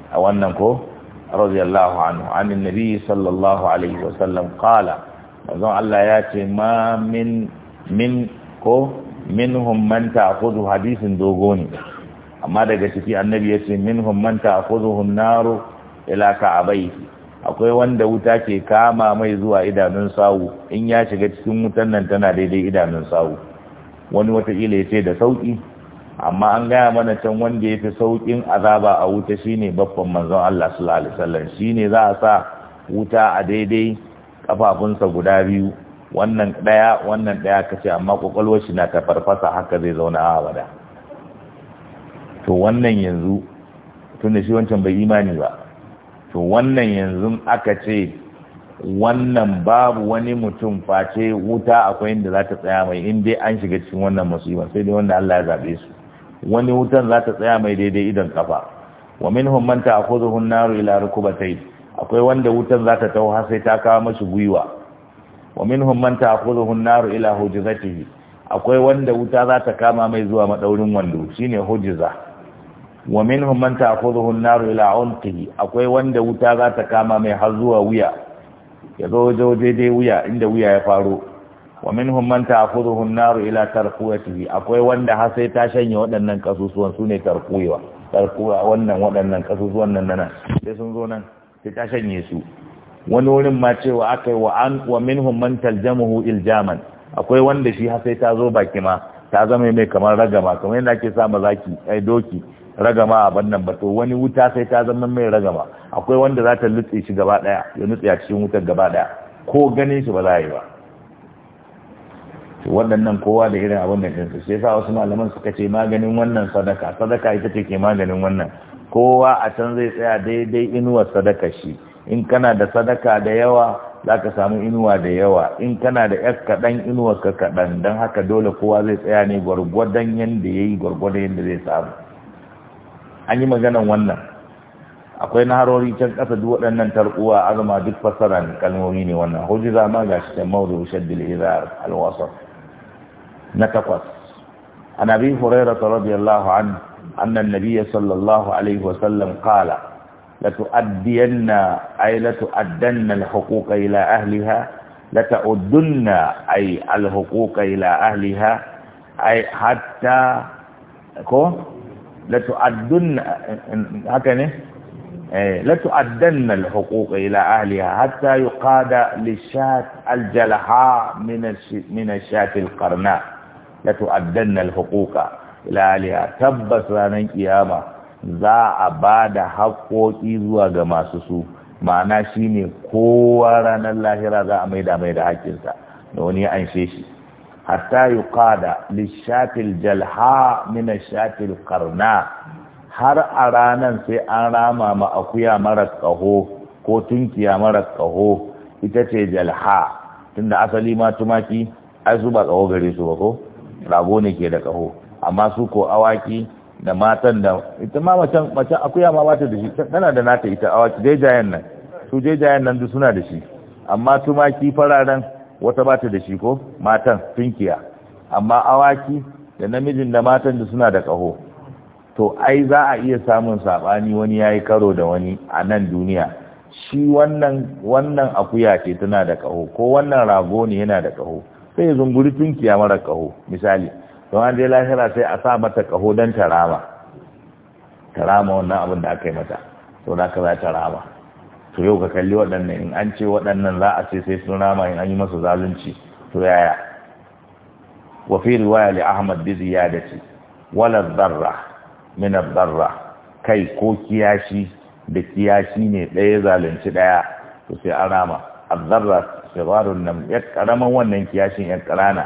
a wannan ko radiyallahu anhu anin nabi sallallahu alaihi wasallam kala mazan Allah ya ce ma min min ko minhum man ta'khudhu hadisin dogo ne amma daga ciki annabi ya ce min minhum man ta'khudhu an-naru a bai. akwai wanda wuta ke kama mai zuwa idanun sawu in ya shiga cikin wutan nan tana daidai idanun sawu wani wataƙila ya ce da sauƙi amma an gaya mana can wanda ya fi sauƙin azaba a wuta shine babban manzon Allah sallallahu alaihi wasallam shine za a sa wuta a daidai kafafunsa guda biyu wannan daya wannan daya kace amma kokolwar shi na tafarfasa haka zai zauna a abada to wannan yanzu tunda shi wancan bai imani ba to wannan yanzu aka ce wannan babu wani mutum face wuta akwai inda za ta tsaya mai in dai an shiga cikin wannan musiba sai dai wanda Allah ya zaɓe su wani wutan za ta tsaya mai daidai idan kafa wa minhum man ta'khudhuhu an-naru ila yi. akwai wanda wutan za ta taho har sai ta kawo mashi gwiwa wa minhum man ta'khudhuhu an-naru ila hujzatihi akwai wanda wuta za ta kama mai zuwa madaurin wando shine hujza wa minhum man ta'khudhuhu an-naru ila unqihi akwai wanda wuta za ta kama mai har zuwa wuya ya zo daidai wuya inda wuya ya faro wa minhum man ta'khudhuhu an-nar ila tarquwatihi akwai wanda har sai ta shanye waɗannan kasusuwan sune tarquwa tarquwa wannan waɗannan kasusuwan nan nan sai sun zo nan sai ta shanye su wani wurin ma cewa akai wa an wa minhum man taljamuhu iljaman akwai wanda shi har sai ta zo baki ma ta zama mai kamar ragama kamar yadda ake sa mazaki ai doki ragama a bannan ba to wani wuta sai ta zama mai ragama akwai wanda za ta lutse shi gaba daya ya nutse cikin wutar gaba daya ko ganin shi ba za a yi ba waɗannan kowa da irin abin da su sai sa wasu malaman suka ce maganin wannan sadaka sadaka ita ce ke maganin wannan kowa a can zai tsaya daidai inuwar sadaka shi in kana da sadaka da yawa za ka samu inuwa da yawa in kana da yas kaɗan inuwar ka kaɗan don haka dole kowa zai tsaya ne gwargwadon yadda ya yi gwargwadon yadda zai samu an yi maganan wannan akwai naharori can ƙasa duk waɗannan tarkuwa azuma duk fassara kalmomi ne wannan hujjiza ma ga shi can mawdu shaddil izar alwasaf نتقص عن أبي هريرة رضي الله عنه أن النبي صلى الله عليه وسلم قال لتؤدين أي لتؤدن الحقوق إلى أهلها لتؤدن أي الحقوق إلى أهلها أي حتى كو لتؤدن هكذا يعني؟ إيه، لتؤدن الحقوق إلى أهلها حتى يقاد للشاة الجلحاء من الشاة القرناء la tu'addanna al-huquqa ila aliha tabbas ranar kiyama za a ba da haƙoƙi zuwa ga masu su ma'ana shine kowa ranar lahira za a maida mai da haƙƙinsa da wani an shi hatta yuqada lishatil jalha min ashatil qarna har a ranan sai an rama ma akuya mara ƙaho ko tunkiya mara ƙaho ita ce jalha tunda asali ma tumaki ai su ba kaho gare su ba ko rago ne ke da kaho amma su ko awaki da matan da ita ma macen macen akuya ma bata da shi tana da nata ita awaki jayan nan su jejayen nan duk suna da shi amma tumaki fararen wata bata da shi ko matan tunkiya amma awaki da namijin da matan da suna da kaho to ai za a iya samun sabani wani yayi karo da wani a nan duniya shi wannan wannan akuya ce tana da kaho ko wannan rago ne yana da kaho sai ya zunguri tunkiya mara kaho misali don an je lahira sai a sa mata kaho don tarama tarama wannan abin da aka yi mata to da ka za tarama to yau ka kalli waɗannan in an ce waɗannan za a ce sai sun rama in an yi masa zalunci to yaya wa fi riwaya li ahmad bi ziyadati wala dharra min ad-dharra kai ko kiyashi da kiyashi ne ɗaya zalunci ɗaya to sai an rama ad sirarun nan ya karaman wannan kiyashin ya karana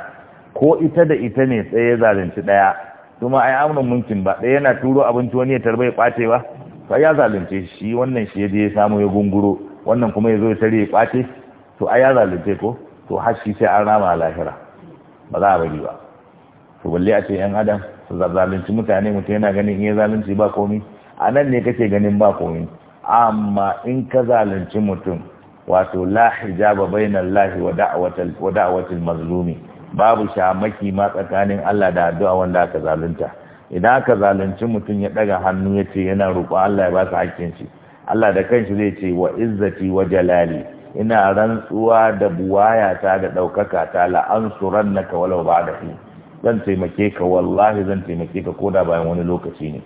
ko ita da ita ne sai ya zalunci daya kuma ai amrun mumkin ba daya yana turo abinci wani ya tarbai kwace ba sai ya zalunce shi wannan shi ya je ya samu ya gunguro wannan kuma ya zo ya tare ya kwace to ai ya zalunce ko to har shi sai an rama lahira ba za a bari ba to balle a ce yan adam su zalunci mutane mutum yana ganin iya zalunci ba komi a nan ne kake ganin ba komi amma in ka zalunci mutum wato la hijaba bainal lahi wa da'watil wa da'watil mazlumi babu shamaki ma tsakanin Allah da addu'a wanda aka zalunta idan aka zalunci mutum ya daga hannu yace yana roƙo Allah ya ba sa hakkin shi Allah da kanshi zai ce wa izzati wa jalali ina rantsuwa da buwaya ta da daukaka ta la ansurannaka walau ba'da fi zan taimake ka wallahi zan taimake ka koda bayan wani lokaci ne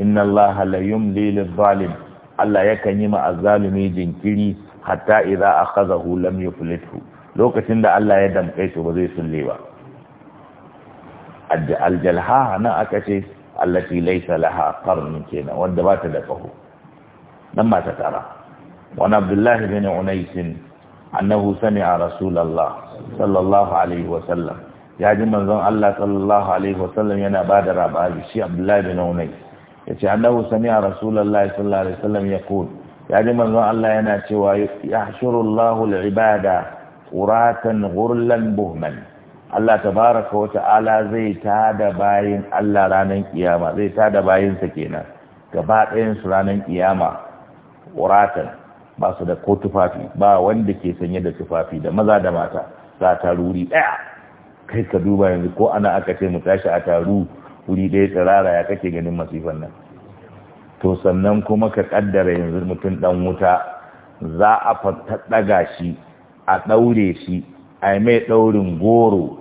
inna Allah la yumli lil zalim Allah yakan yi ma azzalumi jinkiri hatta idza akhadhahu lam yuflithu lokacin da Allah ya damƙe shi ba zai sulle ba aljalha na aka ce allati laysa laha qarn kenan wanda ba ta da kaho nan ma ta tara wani abdullahi bin unais annahu sami'a rasulullah sallallahu alaihi wa sallam ya ji manzon Allah sallallahu alaihi wa sallam yana ba da labari shi abdullahi bin unais yace annahu sami'a rasulullah sallallahu alaihi wa sallam yaqul ya ji manzon Allah yana cewa Allahu al-ibada uratan ghurlan buhman Allah tabaaraka wa ta'ala zai tada bayin Allah ranan kiyama zai tada bayin sa kenan gaba ɗayan su ranan kiyama uratan ba su da ko tufafi ba wanda ke sanye da tufafi da maza da mata za ta ruri daya kai ka duba yanzu ko ana aka ce mu tashi a taru wuri ɗaya tsirara ya kake ganin masifan nan to sannan kuma ka kaddara yanzu mutum dan wuta za a daga shi a ɗaure shi a yi mai ɗaurin goro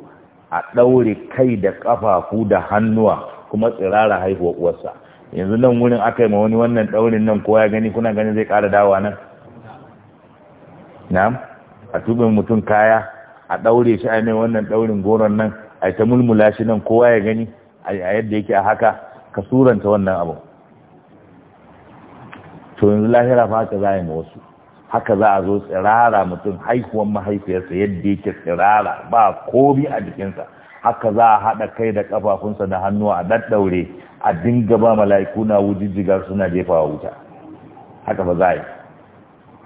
a ɗaure kai da ƙafafu da hannuwa kuma tsirara haihuwa uwarsa yanzu nan wurin aka yi ma wani wannan ɗaurin nan ko ya gani kuna gani zai ƙara dawa nan na'am a tubin mutum kaya a ɗaure shi a yi mai wannan ɗaurin goron nan a ta mulmula shi nan kowa ya gani a yadda yake a haka ka suranta wannan abu to yanzu lahira fa haka za a yi ma wasu haka za a zo tsirara mutum haihuwan mahaifiyarsa yadda yake tsirara ba komi a jikinsa haka za a haɗa kai da ƙafafunsa da hannuwa a daddaure a dinga ba mala'iku na wujijjiga suna jefawa wuta haka ba za a yi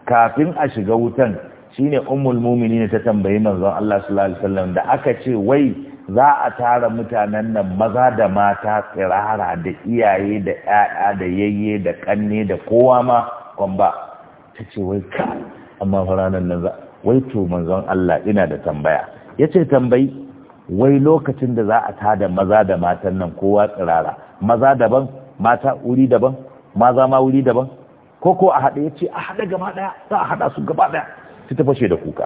kafin a shiga wutan shine ummul mumini ne ta tambayi manzon Allah sallallahu alaihi wasallam da aka ce wai za a tara mutanen nan maza da mata tsirara da iyaye da ƴaƴa da yayye da kanne da kowa ma kwamba ta ce wai ka amma ranar nan za. wai to manzon Allah ina da tambaya ya ce tambayi wai lokacin da za a tada maza da matan nan kowa tsirara maza daban mata wuri daban maza ma wuri daban ko ko a haɗe ya ce a haɗa gaba ɗaya za a haɗa su gaba ɗaya ta fashe da kuka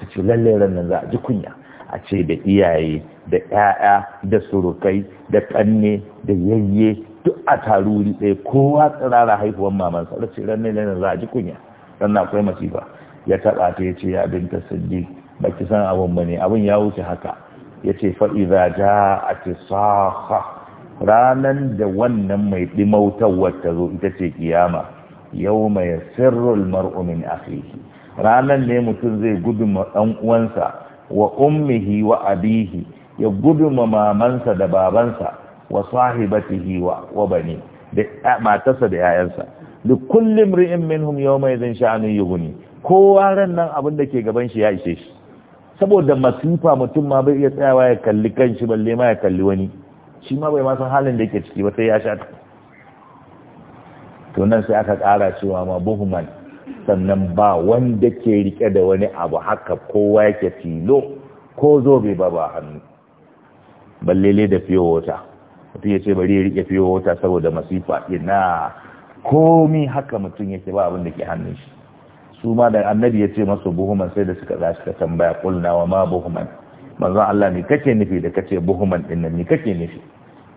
ta ce lallai ran nan za a ji kunya a ce da iyaye da 'ya'ya da surukai da ƙanne da yayye duk a taruri ɗaya kowa tsirara haihuwar maman da ce ranar da za a ji kunya ranar akwai masifa ya taɓa ta ya ce ya abin ta sirri ba ki san abin ba ne abin ya wuce haka ya ce za ja a ce saha ranar da wannan mai ɗimautar ta zo ita ce kiyama yau mai sirrul mar'umin akhihi ranar ne mutum zai gudun ɗan uwansa wa ummihi wa abihi ya guduma mamansa da babansa wa sahibatihi wa wa bani da matarsa da yayansa da kullum ri'in minhum yawma idhin sha'anu yughni kowa ran nan abin da ke gaban shi ya ishe shi saboda masifa mutum ma bai iya tsayawa ya kalli kanshi balle ma ya kalli wani shi ma bai ma san halin da yake ciki ba sai ya sha to nan sai aka kara cewa ma buhman sannan ba wanda ke rike da wani abu haka kowa yake filo ko zobe ba ba hannu ballele da fiye wata mutum ya ce bari ya rike fiye wata saboda masifa ina komi haka mutum yake ba abin da ke hannun shi su ma da annabi ya ce masu buhuman sai da suka zashi ka tambaya kulna wa ma buhuman manzon Allah ne kake nufi da kace buhuman din nan ne kake nufi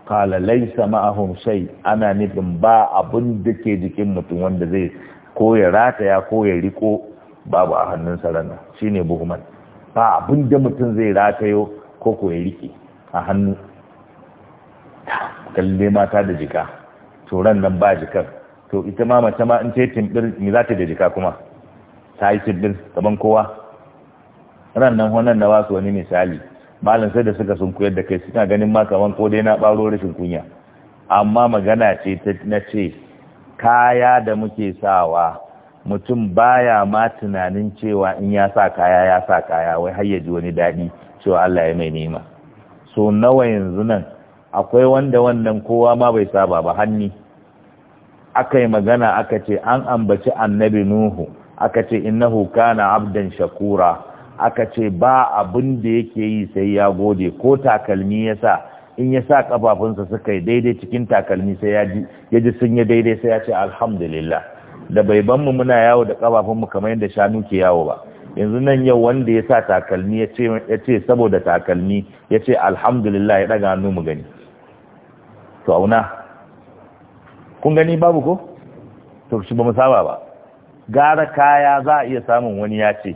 qala laysa ma'ahum shay ana nufin ba abun da ke jikin mutum wanda zai ko ya rataya ko ya riko babu a hannun sarana shi ne buhuman ba abin da mutum zai ratayo ko ko ya rike a hannu kalle mata da jika to ran nan ba jikar to ita ma mace ma in ce timbir ni za ta da jika kuma ta yi timbir gaban kowa ran nan wannan na wasu wani misali malam sai da suka sun koyar da kai suna ganin ma kaman ko dai na baro rashin kunya amma magana ce na ce kaya da muke sawa mutum baya ma tunanin cewa in ya sa kaya ya sa kaya wai har ya wani daɗi cewa Allah ya mai nema so nawa yanzu nan akwai wanda wannan kowa ma bai saba ba hanni aka yi magana aka ce an ambaci annabi nuhu aka ce innahu kana abdan shakura aka ce ba abin da yake yi sai ya gode ko takalmi ya sa in ya sa kafafunsa suka yi daidai cikin takalmi sai ya ji ya ji sun yi daidai sai ya ce alhamdulillah da bai ban mu muna yawo da kafafunmu kamar yadda shanu ke yawo ba yanzu nan yau wanda ya sa takalmi ya ce saboda takalmi ya ce alhamdulillah ya daga hannu mu gani to auna kun gani babu ko to shi ba mu saba ba gara kaya za a iya samun wani ya ce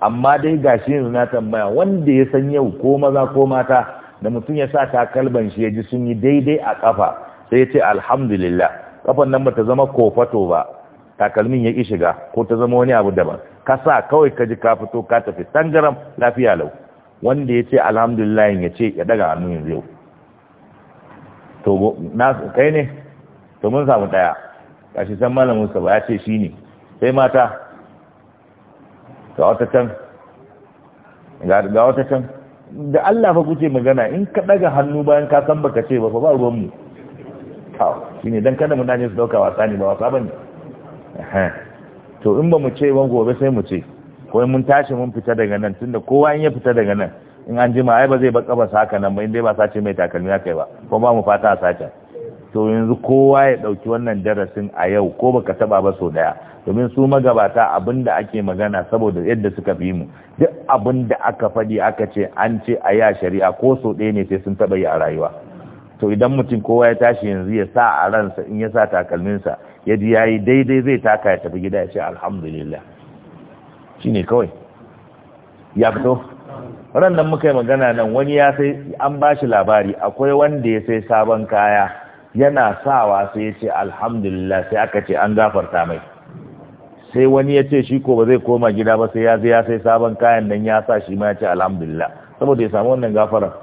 amma dai gashi yanzu na tambaya wanda ya san yau ko maza ko mata da mutum ya sa takalban shi ya ji sun yi daidai a kafa sai ya ce alhamdulillah kafan nan ba ta zama kofato ba takalmin ya ki shiga ko ta zama wani abu daban ka sa kawai ka ji ka fito ka tafi tangaram lafiya lau wanda ya ce alhamdulillah ya ce ya daga hannu yanzu yau to na kai ne to mun samu daya kashi san malamin sa ba ya ce shine sai mata ga wata can ga wata can da Allah fa kuke magana in ka daga hannu bayan ka san baka ce ba ba ruwan mu to shine dan kada dace su dauka wasa ne ba wasa bane eh to in ba mu ce ban gobe sai mu ce ko mun tashi mun fita daga nan tunda kowa in ya fita daga nan in an jima ai ba zai baka ba saka nan ba in dai ba sace mai takalmi aka yi ba ko ba mu fata a sace to yanzu kowa ya dauki wannan darasin a yau ko baka taba ba so daya domin su magabata abin da ake magana saboda yadda suka fi mu duk abin da aka faɗi aka ce an ce a ya shari'a ko so ɗaya ne sai sun taɓa yi a rayuwa to idan mutum kowa ya tashi yanzu ya sa a ransa in ya sa takalminsa ya ji ya yi daidai zai taka ya tafi gida ya ce alhamdulillah shi ne kawai ya fito ran nan muka yi magana nan wani ya sai an ba shi labari akwai wanda ya sai sabon kaya yana sawa sai ya ce alhamdulillah sai aka ce an gafarta mai sai wani ya ce shi ko ba zai koma gida ba sai ya zai ya sai sabon kayan nan ya sa shi ma ya ce alhamdulillah saboda ya samu wannan gafara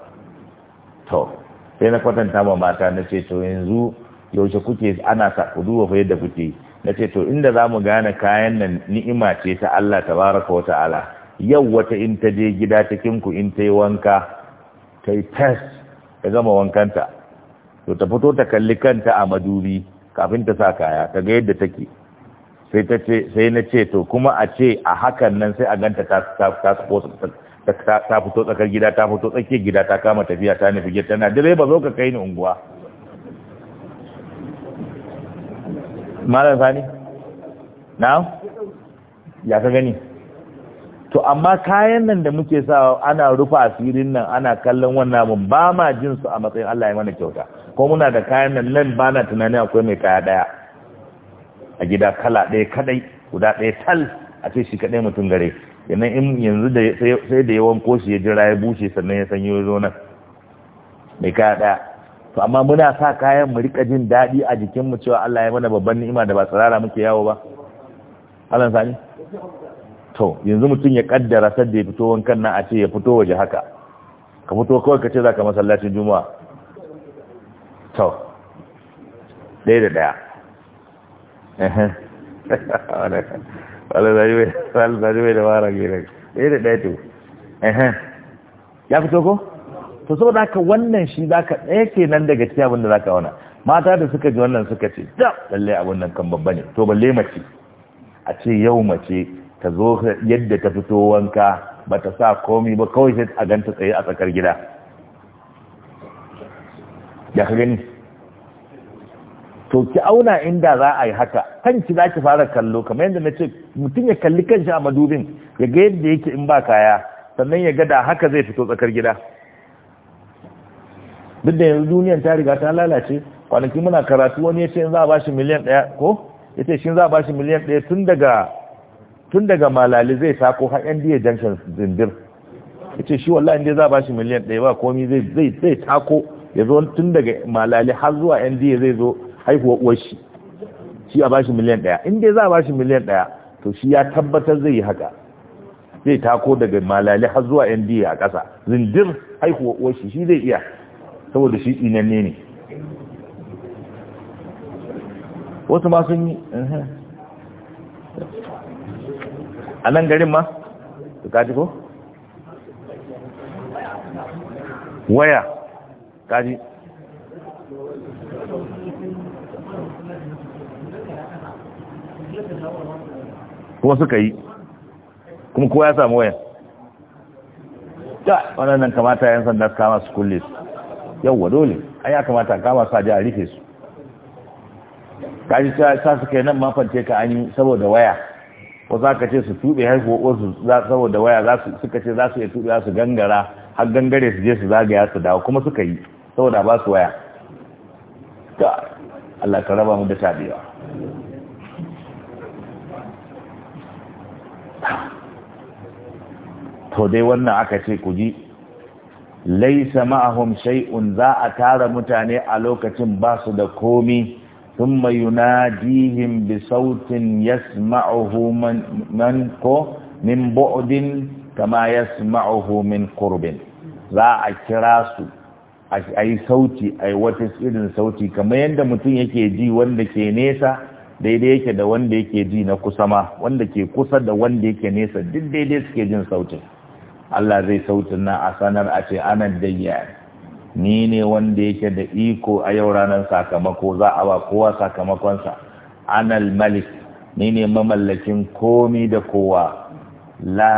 to sai na kwatanta ma mata na ce to yanzu yaushe kuke ana sa ku duba fa yadda kuke na ce to inda za mu gane kayan nan ni'ima ce ta Allah ta baraka wa ta'ala yau wata in ta je gida cikin ku in ta yi wanka ta yi test ta gama wankanta to ta fito ta kalli kanta a madubi kafin ta sa kaya ta ga yadda take sai ta ce sai na ce to kuma a ce a hakan nan sai a ganta ta ta ta fito tsakar gida ta fito tsakiyar gida ta kama tafiya ta nufi gida tana direba zo ka kai ni unguwa malam sani na ya ka gani to amma kayan nan da muke sa ana rufa asirin nan ana kallon wannan mun ba ma jin su a matsayin Allah ya mana kyauta ko muna da kayan nan nan ba na tunani akwai mai kaya daya a gida kala ɗaya kadai guda ɗaya tal a ce shi kadai mutum gare yannan in yanzu sai da yawan koshi ya jira ya bushe sannan ya sanyo ya zo nan mai kaya ɗaya to amma muna sa kayan mu rika jin daɗi a jikin mu cewa Allah ya mana babban ni'ima da ba tsirara muke yawo ba Allah sani to yanzu mutum ya kaddara sadda ya fito wankan nan a ce ya fito waje haka ka fito kawai ka ce za ka masallacin juma'a to ɗaya da ɗaya ya fito ko? to so haka wannan shi za ka ɗaya ke nan daga cikin abin da za ka wana mata da suka ji wannan suka ce da lallai abin nan kan babba ne to balle mace a ce yau mace ta zo yadda ta fito wanka ba ta sa komi ba kawai sai a ganta tsaye a tsakar gida ya ka gani to ki auna inda za a yi haka kanki za ki fara kallo kamar yadda na ce mutum ya kalli kanshi a madubin ya ga yadda yake in ba kaya sannan ya ga da haka zai fito tsakar gida duk da yanzu duniyan ta riga ta lalace kwanaki muna karatu wani ya ce za a ba shi miliyan ɗaya ko ya ce shi za a ba shi miliyan ɗaya tun daga tun daga malali zai tako har yan diya junction zindir ya ce shi wallahi inda za a ba shi miliyan ɗaya ba komi zai zai tako ya zo tun daga malali har zuwa yan diya zai zo haihuwar uwar shi shi a bashi miliyan ɗaya in dai za a bashi miliyan ɗaya to shi ya tabbatar zai yi haka zai tako daga malali har zuwa yan diya a ƙasa zindir haihuwar uwar shi shi zai iya saboda shi tsinanne ne wasu ma sun yi a nan garin ma su kaji ko waya kaji kuma suka yi kuma kowa ya samu wayan ta waɗannan kamata yan sanda su kama su kulle su wa dole ai ya kamata kama su a rufe su kaji sa suka yi nan mafance ka an yi saboda waya ko za ka ce su tuɓe haihuwar su saboda waya suka ce za su yi tuɓe su gangara har gangare su je su zagaya su dawo kuma suka yi saboda ba su waya ta Allah ka raba mu da tabiwa to dai wannan aka ce ku ji laisa ma'ahum shay'un za a tara mutane a lokacin ba su da komi thumma yunadihim bi sautin yasma'uhu man man ko min bu'din kama yasma'uhu min qurbin za a kira su a yi sauti a yi wata irin sauti kamar yadda mutum yake ji wanda ke nesa daidai yake da wanda yake ji na kusa ma wanda ke kusa da wanda yake nesa duk daidai suke jin sautin Allah zai sautin nan a sanar a ce anan dayya ni ne wanda yake da iko a yau ranar sakamako za a ba kowa sakamakonsa anal malik ni ne mamallakin komi da kowa la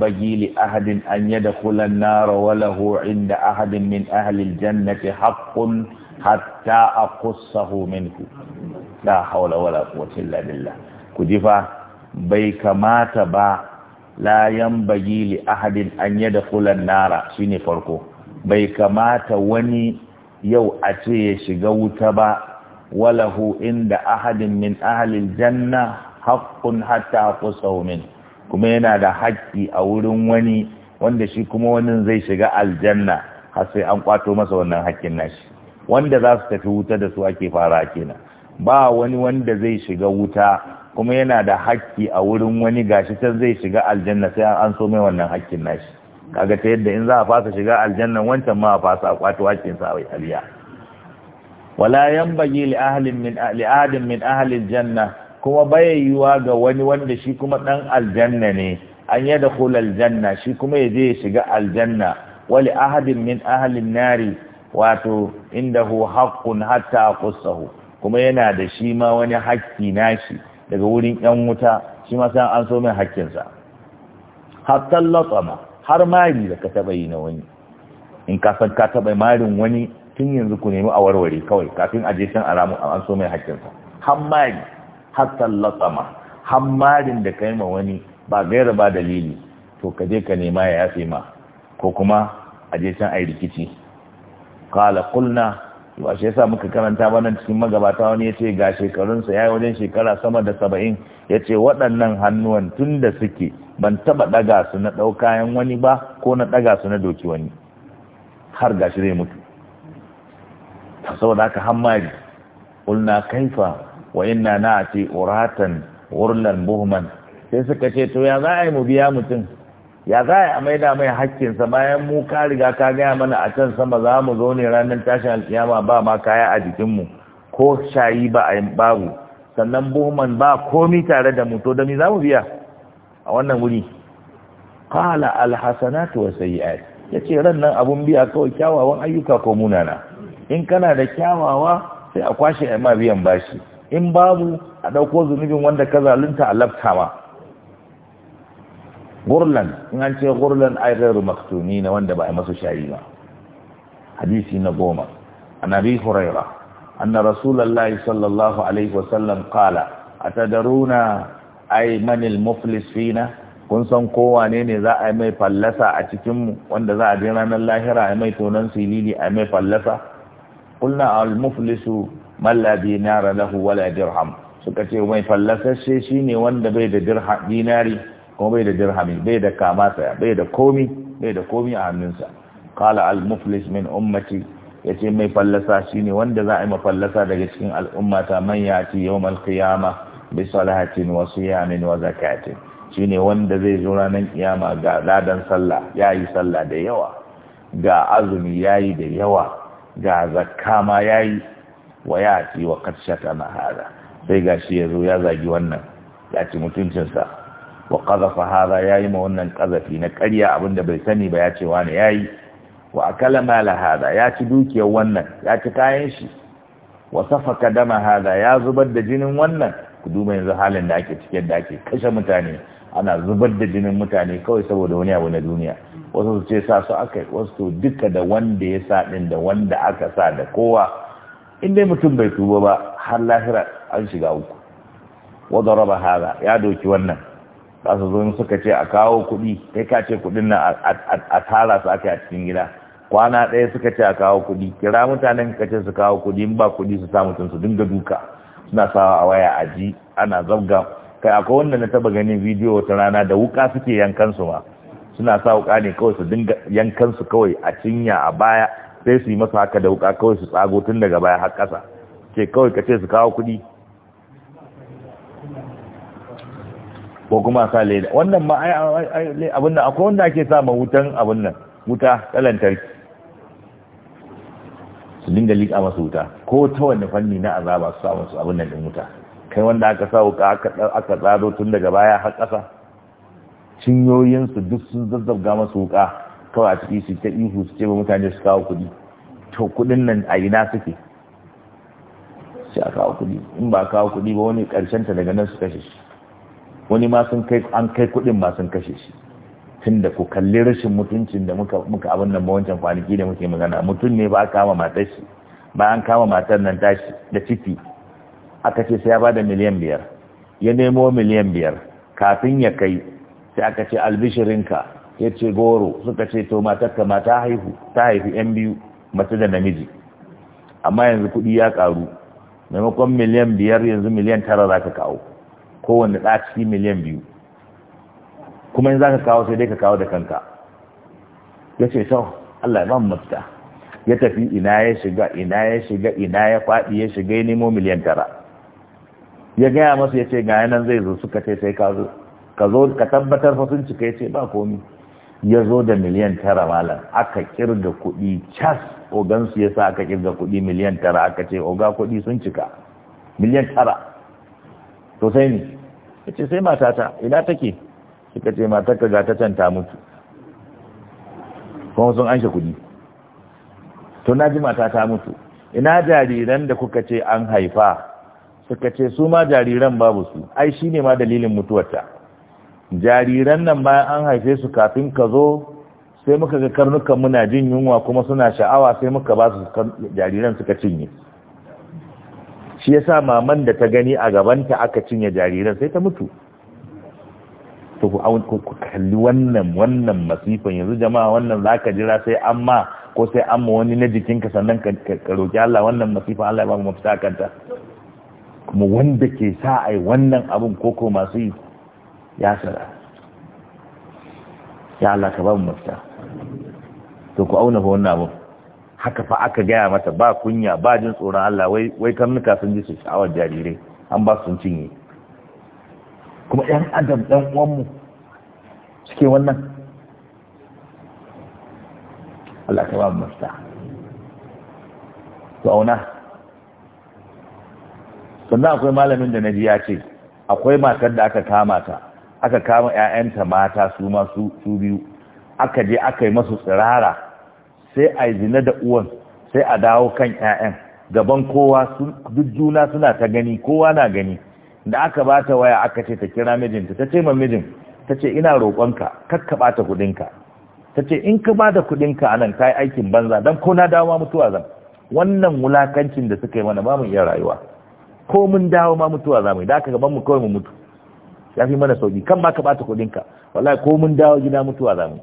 bagili li ahadin an yadkhula an-nar wa lahu 'inda ahadin min ahli al-jannati haqqun hatta aqussahu minku la haula wala quwwata illa billah ku ji fa bai kamata ba la bagili li ahadin an yadkhula an-nara shine farko bai kamata wani yau a ce ya shiga wuta ba walahu inda ahadin min ahli janna haqqun hatta aqussahu min kuma yana da haƙƙi a wurin wani wanda shi kuma wani zai shiga aljanna har sai an kwato masa wannan haƙƙin nashi wanda za su tafi wuta da su ake fara kenan ba wani wanda zai shiga wuta kuma yana da hakki a wurin wani gashi sai zai shiga aljanna sai an so mai wannan hakkin nashi kaga ta yadda in za a fasa shiga aljanna wancan ma a fasa a kwato hakkin sa a aliya wala yanbaghi li ahlin min ahli adam min ahli aljanna kuma bayyuwa ga wani wanda shi kuma dan aljanna ne an yadkhul aljanna shi kuma ya je shiga aljanna wali ahadin min ahli nari wato indahu haqqun hatta qussahu kuma yana da shi ma wani haƙƙi nashi daga wurin yan wuta shi ma san an so mai haƙƙinsa. sa hatta latama har mari da ka taba yi na wani in ka san ka taba marin wani tun yanzu ku nemi a warware kawai kafin aje san aramu an so mai haƙƙinsa. sa har mari hatta latama har marin da kai ma wani ba gaira ba dalili to ka je ka nema ya yafe ma ko kuma aje san ai rikici kala Kulna, to ashe yasa muka karanta wannan cikin magabata wani yace ga shekarunsa sa yayi wajen shekara sama da 70 yace waɗannan hannuwan tunda suke ban taɓa daga su na dau kayan wani ba ko na daga su na doki wani har gashi zai mutu saboda haka hammari ulna kaifa wa inna na'ati uratan urlan buhman sai suka ce to ya za a yi mu biya mutum ya za a maida mai sa bayan mu ka riga ka gaya mana a can sama za mu zo ne ranar tashin alkiyama ba ma kaya a jikinmu ko shayi ba a babu sannan buhman ba komi tare da mu to da mi za mu biya a wannan wuri qala alhasanatu wasayyi'at yace ran nan abun biya kawai kyawawan ayyuka ko munana in kana da kyawawa sai a kwashe ma biyan bashi in babu a ɗauko zunubin wanda ka zalunta a lafta gurlan in an ce gurlan ai gairu maktuni na wanda ba a masu shayi ba hadisi na goma an abi huraira anna rasulullahi sallallahu alaihi wasallam qala atadaruna ai manil muflis fina kun san kowa ne ne za a yi mai fallasa a cikinmu wanda za a je ranar lahira a mai tonon silili a mai fallasa kulna al-muflisu malla dinara lahu wala dirham suka ce mai shi shine wanda bai da dirham dinari kuma bai da dirhami bai da kama bai da komi bai da komi a hannunsa qala al muflis min ummati yace mai fallasa shine wanda za a yi mafallasa daga cikin al'ummata man yati yawmal qiyama bi salatin wa siyamin wa zakatin shine wanda zai zo ranar kiyama ga ladan sallah yayi sallah da yawa ga azumi yayi da yawa ga zakka ma yayi wa yati wa qad shatama hada sai gashi yazo ya zagi wannan ya ci mutuncinsa wa qadhafa hadha yayi ma wannan kazafi na ƙarya abinda bai sani ba ya ce wani yayi wa akala mala hadha ya ci dukiyar wannan ya ci kayan shi wa safaka dama hadha ya zubar da jinin wannan ku duba yanzu halin da ake cikin da ake kashe mutane ana zubar da jinin mutane kawai saboda wani abu na duniya wasu su ce sa su aka wasu duka da wanda ya sa din da wanda aka sa da kowa in dai mutum bai tuba ba har lahira an shiga uku wa daraba hada ya doki wannan za su zo suka ce a kawo kuɗi kai ka ce kuɗin nan a tara su aka yi a cikin gida kwana ɗaya suka ce a kawo kuɗi kira mutanen ka ce su kawo kuɗi in ba kuɗi su sa mutum su dinga duka suna sawa a waya a ji ana zabga kai akwai wanda na taba ganin bidiyo wata rana da wuka suke yankan su ma suna sa wuka ne kawai su dinga yankan su kawai a cinya a baya sai su yi masa haka da wuka kawai su tsago tun daga baya har ƙasa ce kawai ka ce su kawo kuɗi ko kuma sa leda wannan ma ai abin nan akwai wanda ake sa ma wutan abin nan wuta ta lantarki su dinga liƙa masu wuta ko ta wani fanni na azaba su sa masu abin nan din wuta kai wanda aka sa wuka aka tsado tun daga baya har ƙasa cinyoyinsu duk sun zazzabga masu wuka kawai a ciki su ta ihu su ce ba mutane su kawo kuɗi to kuɗin nan a ina suke sai a kawo kuɗi in ba kawo kuɗi ba wani karshen ta daga nan su kashe shi wani ma sun kai an kai kuɗin ma sun kashe shi tun da ku kalli rashin mutuncin da muka muka abin nan ba wancan kwanaki da muke magana mutum ne ba a kama matar shi ba an kama matar nan tashi da ciki aka ce sai ya bada miliyan biyar ya nemo miliyan biyar kafin ya kai sai aka ce albishirinka ya ce goro suka ce to matarka ka ta haihu ta haifi yan biyu mace da namiji amma yanzu kuɗi ya karu maimakon miliyan biyar yanzu miliyan tara za ka kawo kowanne ɗaci miliyan biyu kuma in za ka kawo sai dai ka kawo da kanka ya ce sau Allah ba mafita ya tafi ina ya shiga ina ya shiga ina ya faɗi ya shiga ya nemo miliyan tara ya gaya masu ya ce ga yanan zai zo suka ce sai ka ka zo ka tabbatar fa sun cika ya ce ba komi ya zo da miliyan tara malam aka kirga kuɗi cas ogansu ya sa aka kirga kuɗi miliyan tara aka ce oga kuɗi sun cika miliyan tara to sai ni yace sai matata ina take kika ce matarka ga ta can mutu kuma sun anshe kuɗi to na ji matata mutu ina jariran da kuka ce an haifa suka ce su ma jariran babu su ai shi ne ma dalilin mutuwarta jariran nan bayan an haife su kafin ka zo sai muka ga karnukan muna jin yunwa kuma suna sha'awa sai muka ba su jariran suka cinye shi yasa maman da ta gani a gabanta aka cinye jariran sai ta mutu to ku kalli wannan wannan masifan yanzu jama'a wannan zaka jira sai amma ko sai an ma wani na jikinka sannan ka roki Allah wannan masifan Allah ya ba mu mafita kanta kuma wanda ke sa ai wannan abun koko masu yi ya sara ya Allah ka ba mu mafita to ku auna ko wannan abun haka fa aka gaya mata ba kunya ba jin tsoron Allah wai wai karnuka sun ji su sha'awar jarirai an ba sun cinye kuma ɗan adam ɗan uwanmu suke wannan Allah ta ba mu mafita to auna sannan akwai malamin da na ji ya ce akwai matar da aka kama ta aka kama ƴaƴanta mata su ma su biyu aka je aka yi masu tsirara sai a zina da uwan sai a dawo kan 'ya'yan gaban kowa duk juna suna ta gani kowa na gani da aka ba ta waya aka ce ta kira mijinta ta ce ma mijin ta ce ina roƙonka kakka bata kuɗinka ta ce in ka bada kuɗinka a nan ka yi aikin banza don ko na dawo ma mutuwa zan wannan wulakancin da suka yi mana ba mu iya rayuwa ko mun dawo ma mutuwa za mu yi da aka gaban mu kawai mu mutu ya fi mana sauki kan ma ka bata kuɗinka wallahi ko mun dawo gida mutuwa za mu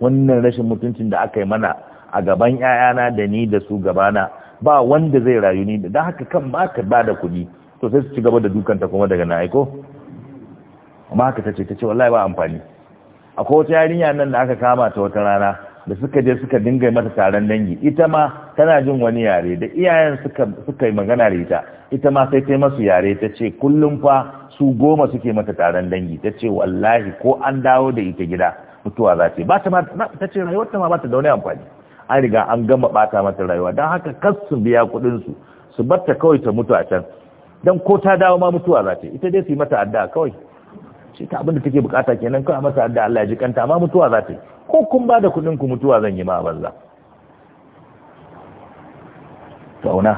wannan rashin mutuncin da aka yi mana a gaban ‘ya'yana da ni da su gabana ba wanda zai rayu ni da haka kan ba ta ba da kuɗi to sai su ci gaba da dukanta kuma daga na aiko amma haka ta ce ta ce wallahi ba amfani akwai wata yarinya nan da aka kama ta wata rana da suka je suka dinga mata taron dangi ita ma tana jin wani yare da iyayen suka suka yi magana da ita ita ma sai tai masu yare ta ce kullum fa su goma suke mata taron dangi ta ce wallahi ko an dawo da ita gida mutuwa za ta ba ta ma ta ce ta ma ba ta da wani amfani an riga an gama bata mata rayuwa don haka kasu biya kuɗinsu su batta kawai ta mutu a can don ko ta dawo ma mutuwa za ta ita dai su yi mata addu'a kawai shi ta abinda take bukata kenan kawai mata addu'a Allah ya ji kanta ma mutuwa za ta yi ko kun ba da kuɗin ku mutuwa zan yi ma banza tauna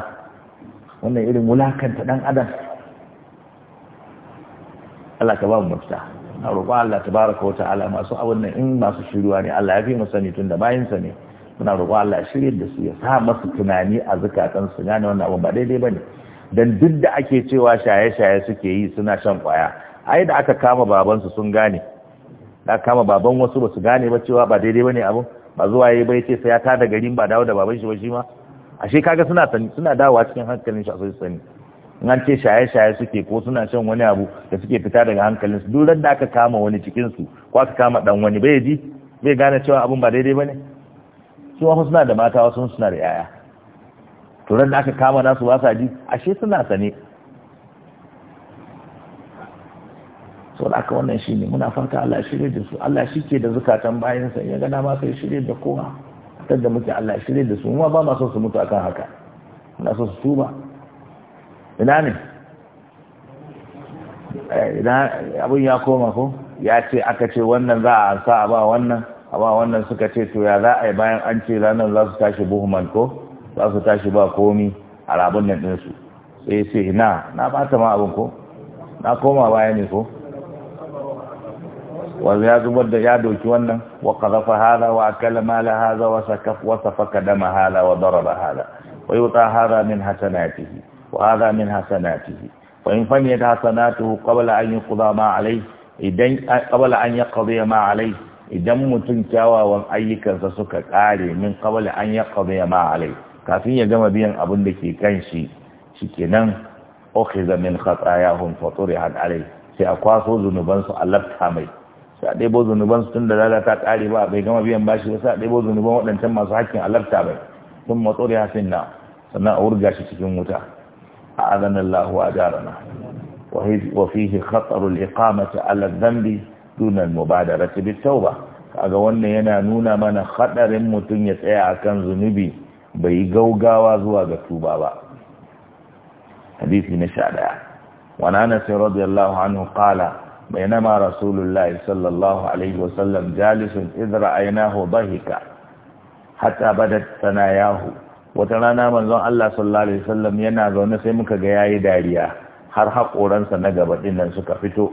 wannan irin wulakanta dan adam Allah ka ba mu mafita a roƙon Allah baraka wata ta'ala masu abin nan in masu shiruwa ne Allah ya fi mu sani tunda bayan sani ne muna roƙo Allah shirye da su ya sa masu tunani a zukatan su gane wannan abu. ba daidai bane dan duk da ake cewa shaye-shaye suke yi suna shan kwaya ai da aka kama baban su sun gane da kama baban wasu ba su gane ba cewa ba daidai bane abu? ba zuwa yayi bai ce sai ya tada garin ba dawo da baban shi ba shi ma ashe kaga suna sani suna dawowa cikin hankalin shi a sai sani in an ce shaye-shaye suke ko suna shan wani abu da suke fita daga hankalin su duk da aka kama wani cikin su ko aka kama dan wani bai ji bai gane cewa abun ba daidai bane su wasu suna da mata wasu suna da yaya turan da aka kama nasu ba sa ji ashe suna sane so da aka wannan shi ne muna fata Allah shirye da su Allah shi ke da zukatan bayansa ya gana ma sai shirye da kowa tattar da muke Allah shirye da su kuma ba ma so su mutu akan haka muna so su tuba ina ne eh, abin ya koma ko ya ce aka ce wannan za a ansa a ba wannan amma wannan suka ce to ya za a yi bayan an ce ranar za su tashi buhuman ko za su tashi ba komi a rabin nan ɗinsu sai ce na na ba ta ma abin ko na koma baya ne ko wanda ya zubar da ya doki wannan wa qadafa hada wa akala mala hada wa sakaf wa safaka dama hada wa daraba hada wa yuta hada min hasanatihi wa hada min hasanatihi wa in faniyat hasanatuhu qabla an yuqda ma alayhi idan qabla an yaqdi ma alayhi idan mutum kyawawan ayyukansa suka kare min qabla an yaqdi ma alai kafin ya gama biyan abin da ke kan shi shi ke nan. zamin shikenan ya min khatayahum faturihat alai sai a kwaso zunuban su alafta mai sai a ɗebo zunuban su da lalata kare ba bai gama biyan bashi sai a ɗebo zunuban waɗancan masu hakkin alafta mai sun matsori hafin na sannan a wurga shi cikin wuta a azanin lahu a jarana wa fihi khatarul iqamati ala dhanbi dunan mubadara ta bi tauba kaga wannan yana nuna mana hadarin mutum ya tsaya akan zunubi bai yi gaugawa zuwa ga tuba ba hadisi na sha daya wani anas radiyallahu anhu qala بينما رسول الله صلى الله عليه وسلم جالس إذ رأيناه ضحكا حتى بدت ثناياه وترانا منزون الله yana zaune sai muka ga yayi dariya har hakoransa na gaba dinnan suka fito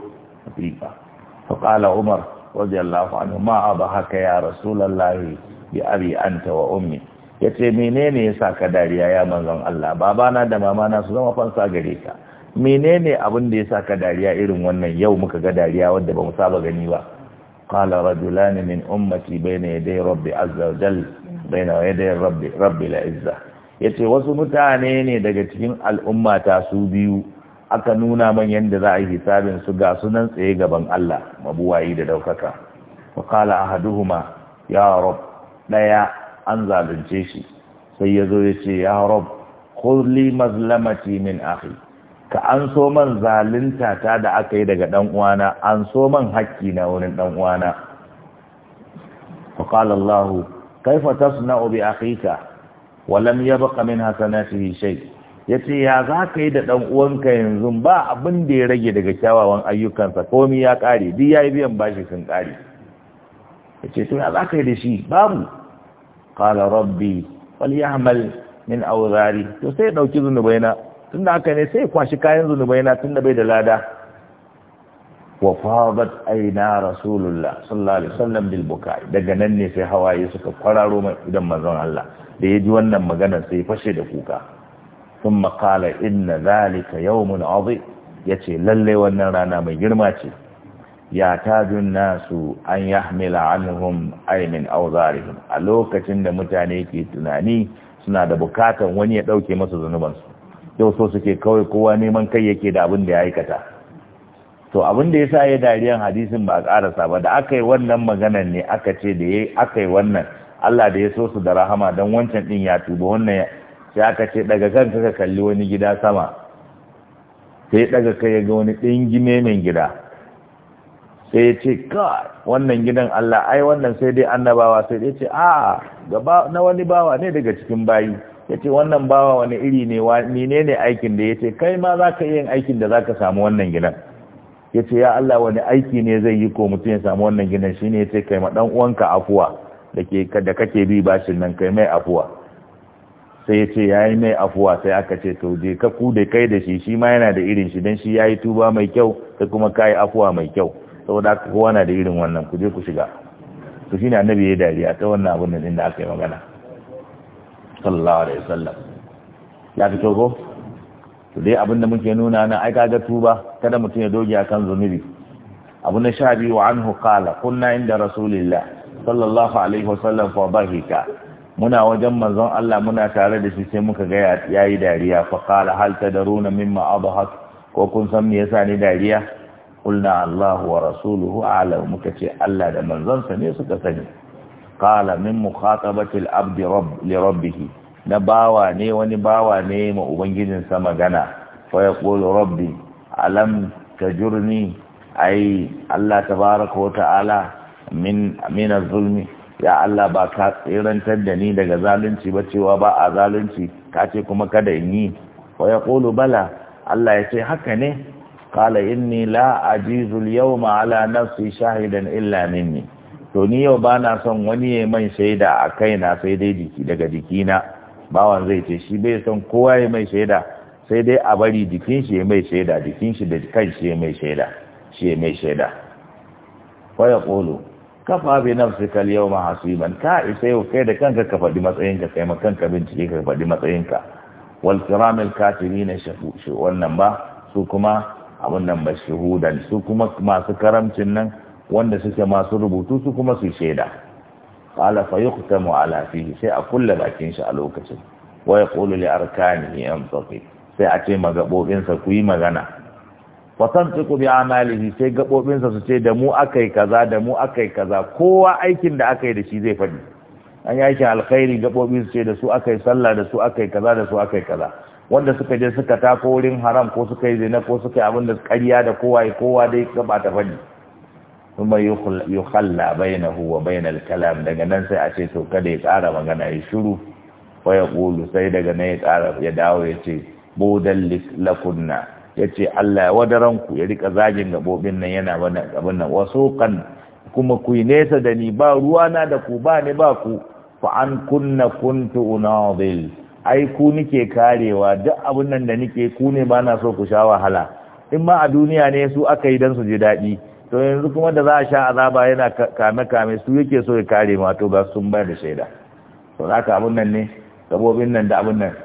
فقال عمر رضي الله عنه ما أضحك يا رسول الله بأبي أنت وأمي yace menene yasa ka dariya ya manzon Allah babana da mamana su zama fansa gare ka menene abin da yasa ka dariya irin wannan yau muka ga dariya wanda bamu saba gani ba qala rajulan min ummati bayna yaday rabbi azza wa jal bayna yaday rabbi rabbil izza yace wasu mutane ne daga cikin al'ummata su biyu aka nuna man yadda za a yi hisabin su ga sunan tsaye gaban Allah mabuwayi da daukaka wa qala ahaduhuma ya rab daya an zalunce shi sai yazo yace ya rab khudh li mazlamati min akhi ka an so man zalunta ta da aka yi daga dan uwana an so man hakki na wurin dan uwana fa qala Allah kaifa tasna'u bi akhika wa lam yabqa min hasanatihi shay'a ya ce ya za ka yi da ɗan uwanka yanzu ba abin da ya rage daga kyawawan ayyukansa komi ya ƙare duk ya yi biyan bashi sun ƙare ya ce tuna za ka yi da shi babu ƙala rabbi wani ya hamal min auzari to sai ɗauki zunubaina tun da aka ne sai kwashi kayan zunubaina tun da bai da lada wa fadat aina rasulullah sallallahu alaihi wasallam bil bukai daga nan ne sai hawaye suka kwararo mai idan manzon Allah da ya ji wannan magana sai fashe da kuka ثم makala inna zalika يوم عظيم يتي للي wannan rana mai girma ce ya tajun nasu an yahmila anhum aimin auzarihim a lokacin da mutane ke tunani suna da bukatan wani ya dauke masa zunubansu yau so suke kawai kowa neman kai yake da abin da ya aikata to abin da yasa ya dariyan hadisin ba a karasa ba da aka yi wannan maganan ne aka ce da ya aka yi wannan Allah da ya so su da rahama don wancan din ya tuba wannan sai aka ce daga kan ka kalli wani gida sama sai daga kai ya ga wani dingime mai gida sai ya ce god wannan gidan Allah ai wannan sai dai annabawa sai ya ce a gaba na wani bawa ne daga cikin bayi ya ce wannan bawa wani iri ne nine ne aikin da ya ce kai ma za ka yi aikin da za ka samu wannan gidan ya ce ya Allah wani aiki ne zai yi ko mutum ya samu wannan gidan shi ya ce kai ma dan uwanka afuwa da kake bi bashin nan kai mai afuwa sai ya ce ya yi mai afuwa sai aka ce to je ka ku da kai da shi shi ma yana da irin shi don shi ya yi tuba mai kyau sai kuma ka yi afuwa mai kyau saboda aka kowa na da irin wannan ku je ku shiga su shi ne annabi ya dariya ta wannan abin da da aka yi magana sallallahu alaihi wasallam ya fito ko to dai abin da muke nuna na ai kaga tuba kada mutum ya doge akan zunubi abu na sha biyu anhu qala kunna inda rasulillah sallallahu alaihi wasallam fa bahika muna wajen manzon Allah muna tare da shi sai muka ga yayi dariya fa qala hal tadruna mimma adhak ko kun san me yasa ni dariya qulna Allah wa rasuluhu a'lam muka ce Allah da manzon sa ne suka sani qala min mukhatabati al-abd rabb li rabbih na bawa ne wani bawa ne ma ubangijin sa magana fa yaqulu rabbi alam tajurni ay Allah tabaaraka wa ta'ala min min az-zulmi ya Allah ba ka tsirantar da ni daga zalunci ba cewa ba a zalunci ka ce kuma kada in yi wa ya ƙulu bala Allah ya ce haka ne kala inni la ajizul yawma ala nafsi shahidan illa minni to ni yau ba na son wani ya mai shaida a kaina sai dai jiki daga jikina bawan zai ce shi bai son kowa ya mai shaida sai dai a bari jikin shi ya mai shaida jikin shi da kan shi ya mai shaida shi ya mai shaida wa ya ƙulu kafa bi nafsika al-yawma hasiban ka isa yau kai da kanka ka faɗi ka kai ma kanka bincike ka faɗi matsayinka wal kiram al shahu shafu wannan ba su kuma abun nan ba shahudan su kuma masu karamcin nan wanda suke masu rubutu su kuma su sheda. qala fa yuqtamu ala fihi sai a kulle bakin shi a lokacin wa yaqulu li arkanihi sai a ce sa ku yi magana watan tuku bi amalihi sai sa su ce da mu akai kaza da mu akai kaza kowa aikin da akai da shi zai faɗi an yi aikin alkhairi gabobi su ce da su akai sallah da su akai kaza da su akai kaza wanda suka je suka ko wurin haram ko suka yi zina ko suka yi abin da ƙarya da kowa ya kowa dai gaba ta faɗi kuma khalla bainahu wa bainal kalam daga nan sai a ce to kada ya tsara magana ya shiru wa ya sai daga nan ya tsara ya dawo ya ce budan lakunna ya ce Allah ya wadaranku ya rika zagin gabobin nan yana wani abin nan wasu kan kuma ku yi nesa da ni ba ruwa na da ku ba ni ba ku fa an kunna kuntu unadil ai ku nike karewa duk abin nan da nike ku ne ba na so ku sha wahala in ma a duniya ne su aka yi don su ji daɗi to yanzu kuma da za a sha azaba yana kame kame su yake so ya kare ma to ba sun bayar da shaida to abin nan ne gabobin nan da abin nan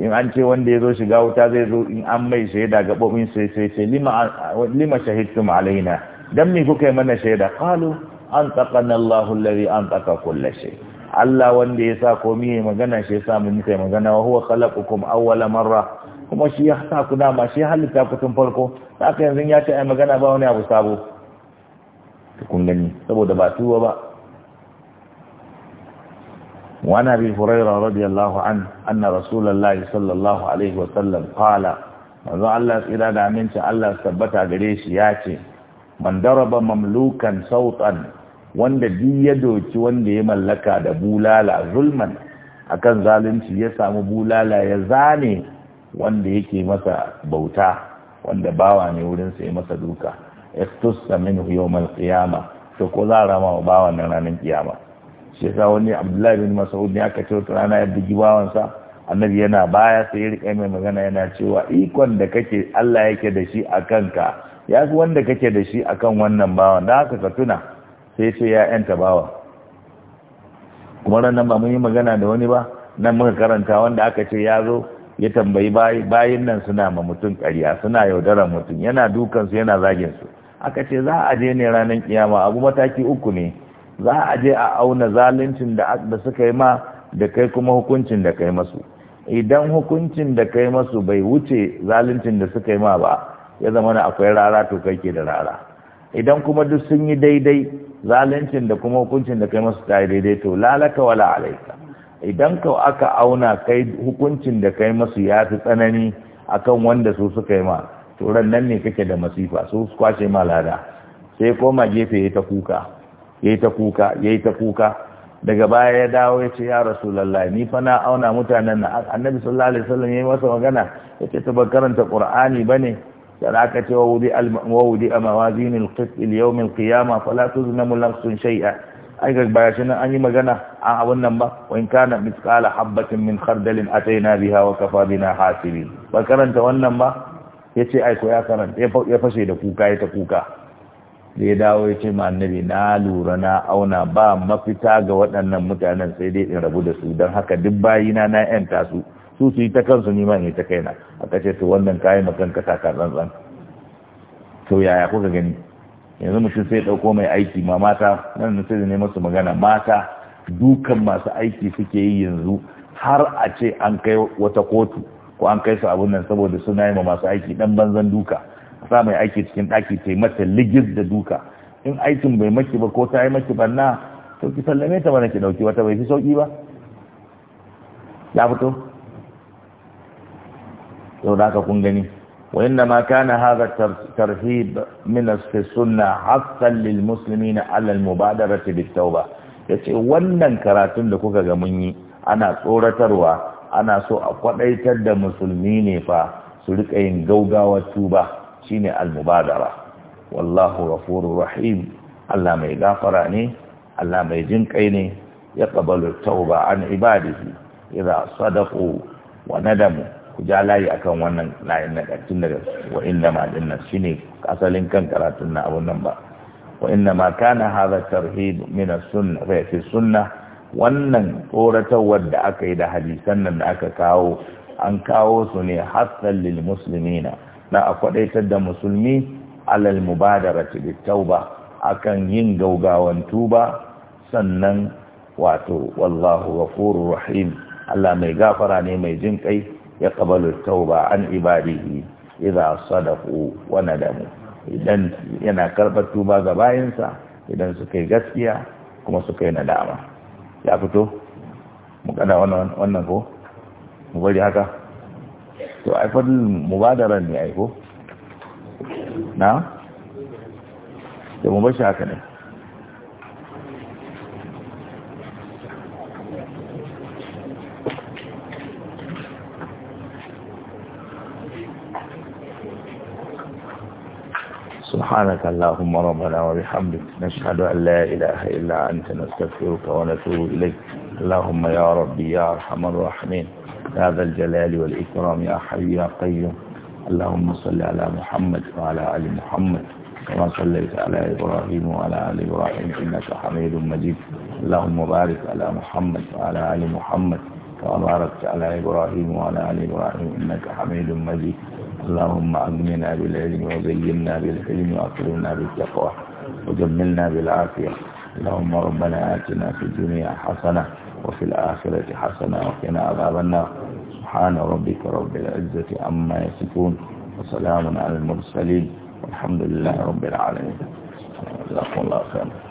in an ce wanda ya zo shiga wuta zai zo in an mai shaida gaɓoɓin sai sai sai lima shahidtu alaina dan me kuka yi mana shaida qalu an taqana Allahu allazi an taqa kulli shay Allah wanda ya sa komai ya magana shi ya sa mu muka yi magana wa huwa khalaqukum awwala marra kuma shi ya sa ku dama shi halitta ku tun farko saka yanzu ya ce ai magana ba wani abu sabo kun gani saboda ba tuwa ba وعن أبي هريرة رضي الله عنه أن رسول الله صلى الله عليه وسلم قال manzo Allah tsira da aminci Allah tabbata gare shi ya ce Mandaraba mamlukan sautan wanda duk ya doki wanda ya mallaka da bulala zulman akan zalunci ya samu bulala ya zane wanda yake masa bauta wanda bawa ne wurin sai masa duka istusta minhu yawmal qiyama to ko za rama bawan nan ranar kiyama shi sa wani abdullahi bin masaud ne aka ce rana ya bugi bawansa annabi yana baya sai ya riƙe mai magana yana cewa ikon da kake Allah yake da shi a kanka ya fi wanda kake da shi akan wannan bawan da haka ka tuna sai ce ya yanta bawa kuma ranar ba mun yi magana da wani ba nan muka karanta wanda aka ce ya zo ya tambayi bayin nan suna ma mutum karya, suna yaudarar mutum yana dukansu yana zagin su aka ce za a je ne ranar kiyama abu mataki uku ne za a je a auna zaluncin da suka yi ma da kai kuma hukuncin da kai masu idan hukuncin da kai masu bai wuce zaluncin da suka yi ma ba ya zama na akwai rara to kai ke da rara idan kuma duk sun yi daidai zaluncin da kuma hukuncin da kai masu ta daidai to lalaka wala alaika idan ka aka auna kai hukuncin da kai masu ya fi tsanani akan wanda su suka yi ma to ran nan ne kake da masifa su kwace ma lada sai koma gefe ta kuka yai ta kuka ya ta kuka daga baya ya dawo ya ce ya rasulallah ni fa na auna mutanen na annabi sallallahu alaihi wasallam yi masa magana ce ta karanta qur'ani bane dan aka ce wudi al wudi amawazin al qit al yawm al fa la tuzlamu nafsun shay'a ai ga baya shi an yi magana a abun nan ba wa in kana misqala habatin min khardal atayna biha wa kafa bina hasibin ba wannan ba yace ai ko ya karanta ya fashe da kuka ya ta kuka da ya dawo ya ce ma annabi na lura na auna ba mafita ga waɗannan mutanen sai dai in rabu da su don haka duk bayina na yanta su su su yi ta kansu nima ne ta kaina aka ce to wannan kayan makon ka taka tsantsan to yaya kuka gani yanzu mutum sai ɗauko mai aiki ma mata nan sai ne masu magana mata dukan masu aiki suke yi yanzu har a ce an kai wata kotu ko an kai su abun nan saboda suna yi ma masu aiki ɗan banzan duka sa mai aiki cikin ɗaki ta mata ligis da duka in aikin bai maki ba ko ta yi maki banna to ki sallame ta mana ki ɗauki wata bai fi sauƙi ba ya fito yau da haka kun gani wa maka na kana hadha tarhib min as-sunna haqqan lil muslimina ala al-mubadarati bit ya yace wannan karatun da kuka ga mun yi ana tsoratarwa ana so a kwadaitar da musulmi ne fa su rika yin gaugawar tuba shine al-mubadara wallahu ghafurur rahim Allah mai gafara ne Allah mai jin kai ne ya qabalu tauba an ibadihi idza sadaqu wa nadamu ku ja layi akan wannan layin na kartin daga wa inna ma dinna shine asalin kan karatun na abun nan ba wa inna ma kana hadha tarhib min as-sunnah fa fi sunnah wannan tsoratawar da aka yi da hadisan nan da aka kawo an kawo su ne hassan lil muslimina na a kwadaitar da musulmi alal mubadarati tauba akan yin gaugawan tuba sannan wato wallahu ghafurur rahim Allah mai gafara ne mai jin kai ya qabalu tauba an ibadihi idza sadaqu wa nadamu idan yana karbar tuba ga bayinsa idan suka yi gaskiya kuma suka yi nadama ya fito mu kana wannan wannan ko mu bari haka to ai fadil mubadara ne ai ko na da mu bashi ne سبحانك اللهم ربنا وبحمدك نشهد أن لا إله إلا أنت نستغفرك ونتوب إليك اللهم يا ربي يا أرحم الراحمين يا ذا الجلال والإكرام يا حي يا قيوم اللهم صل على محمد وعلى آل محمد كما صليت على إبراهيم وعلى آل إبراهيم إنك حميد مجيد اللهم بارك على محمد وعلى آل محمد كما باركت على إبراهيم وعلى آل إبراهيم إنك حميد مجيد اللهم أغننا بالعلم وزينا بالحلم وأكرمنا بالتقوى وجملنا بالعافية اللهم ربنا آتنا في الدنيا حسنة وفي الآخرة حسنة وقنا عذاب النار سبحان ربك رب العزة أما يصفون وسلام على المرسلين والحمد لله رب العالمين جزاكم الله خيرا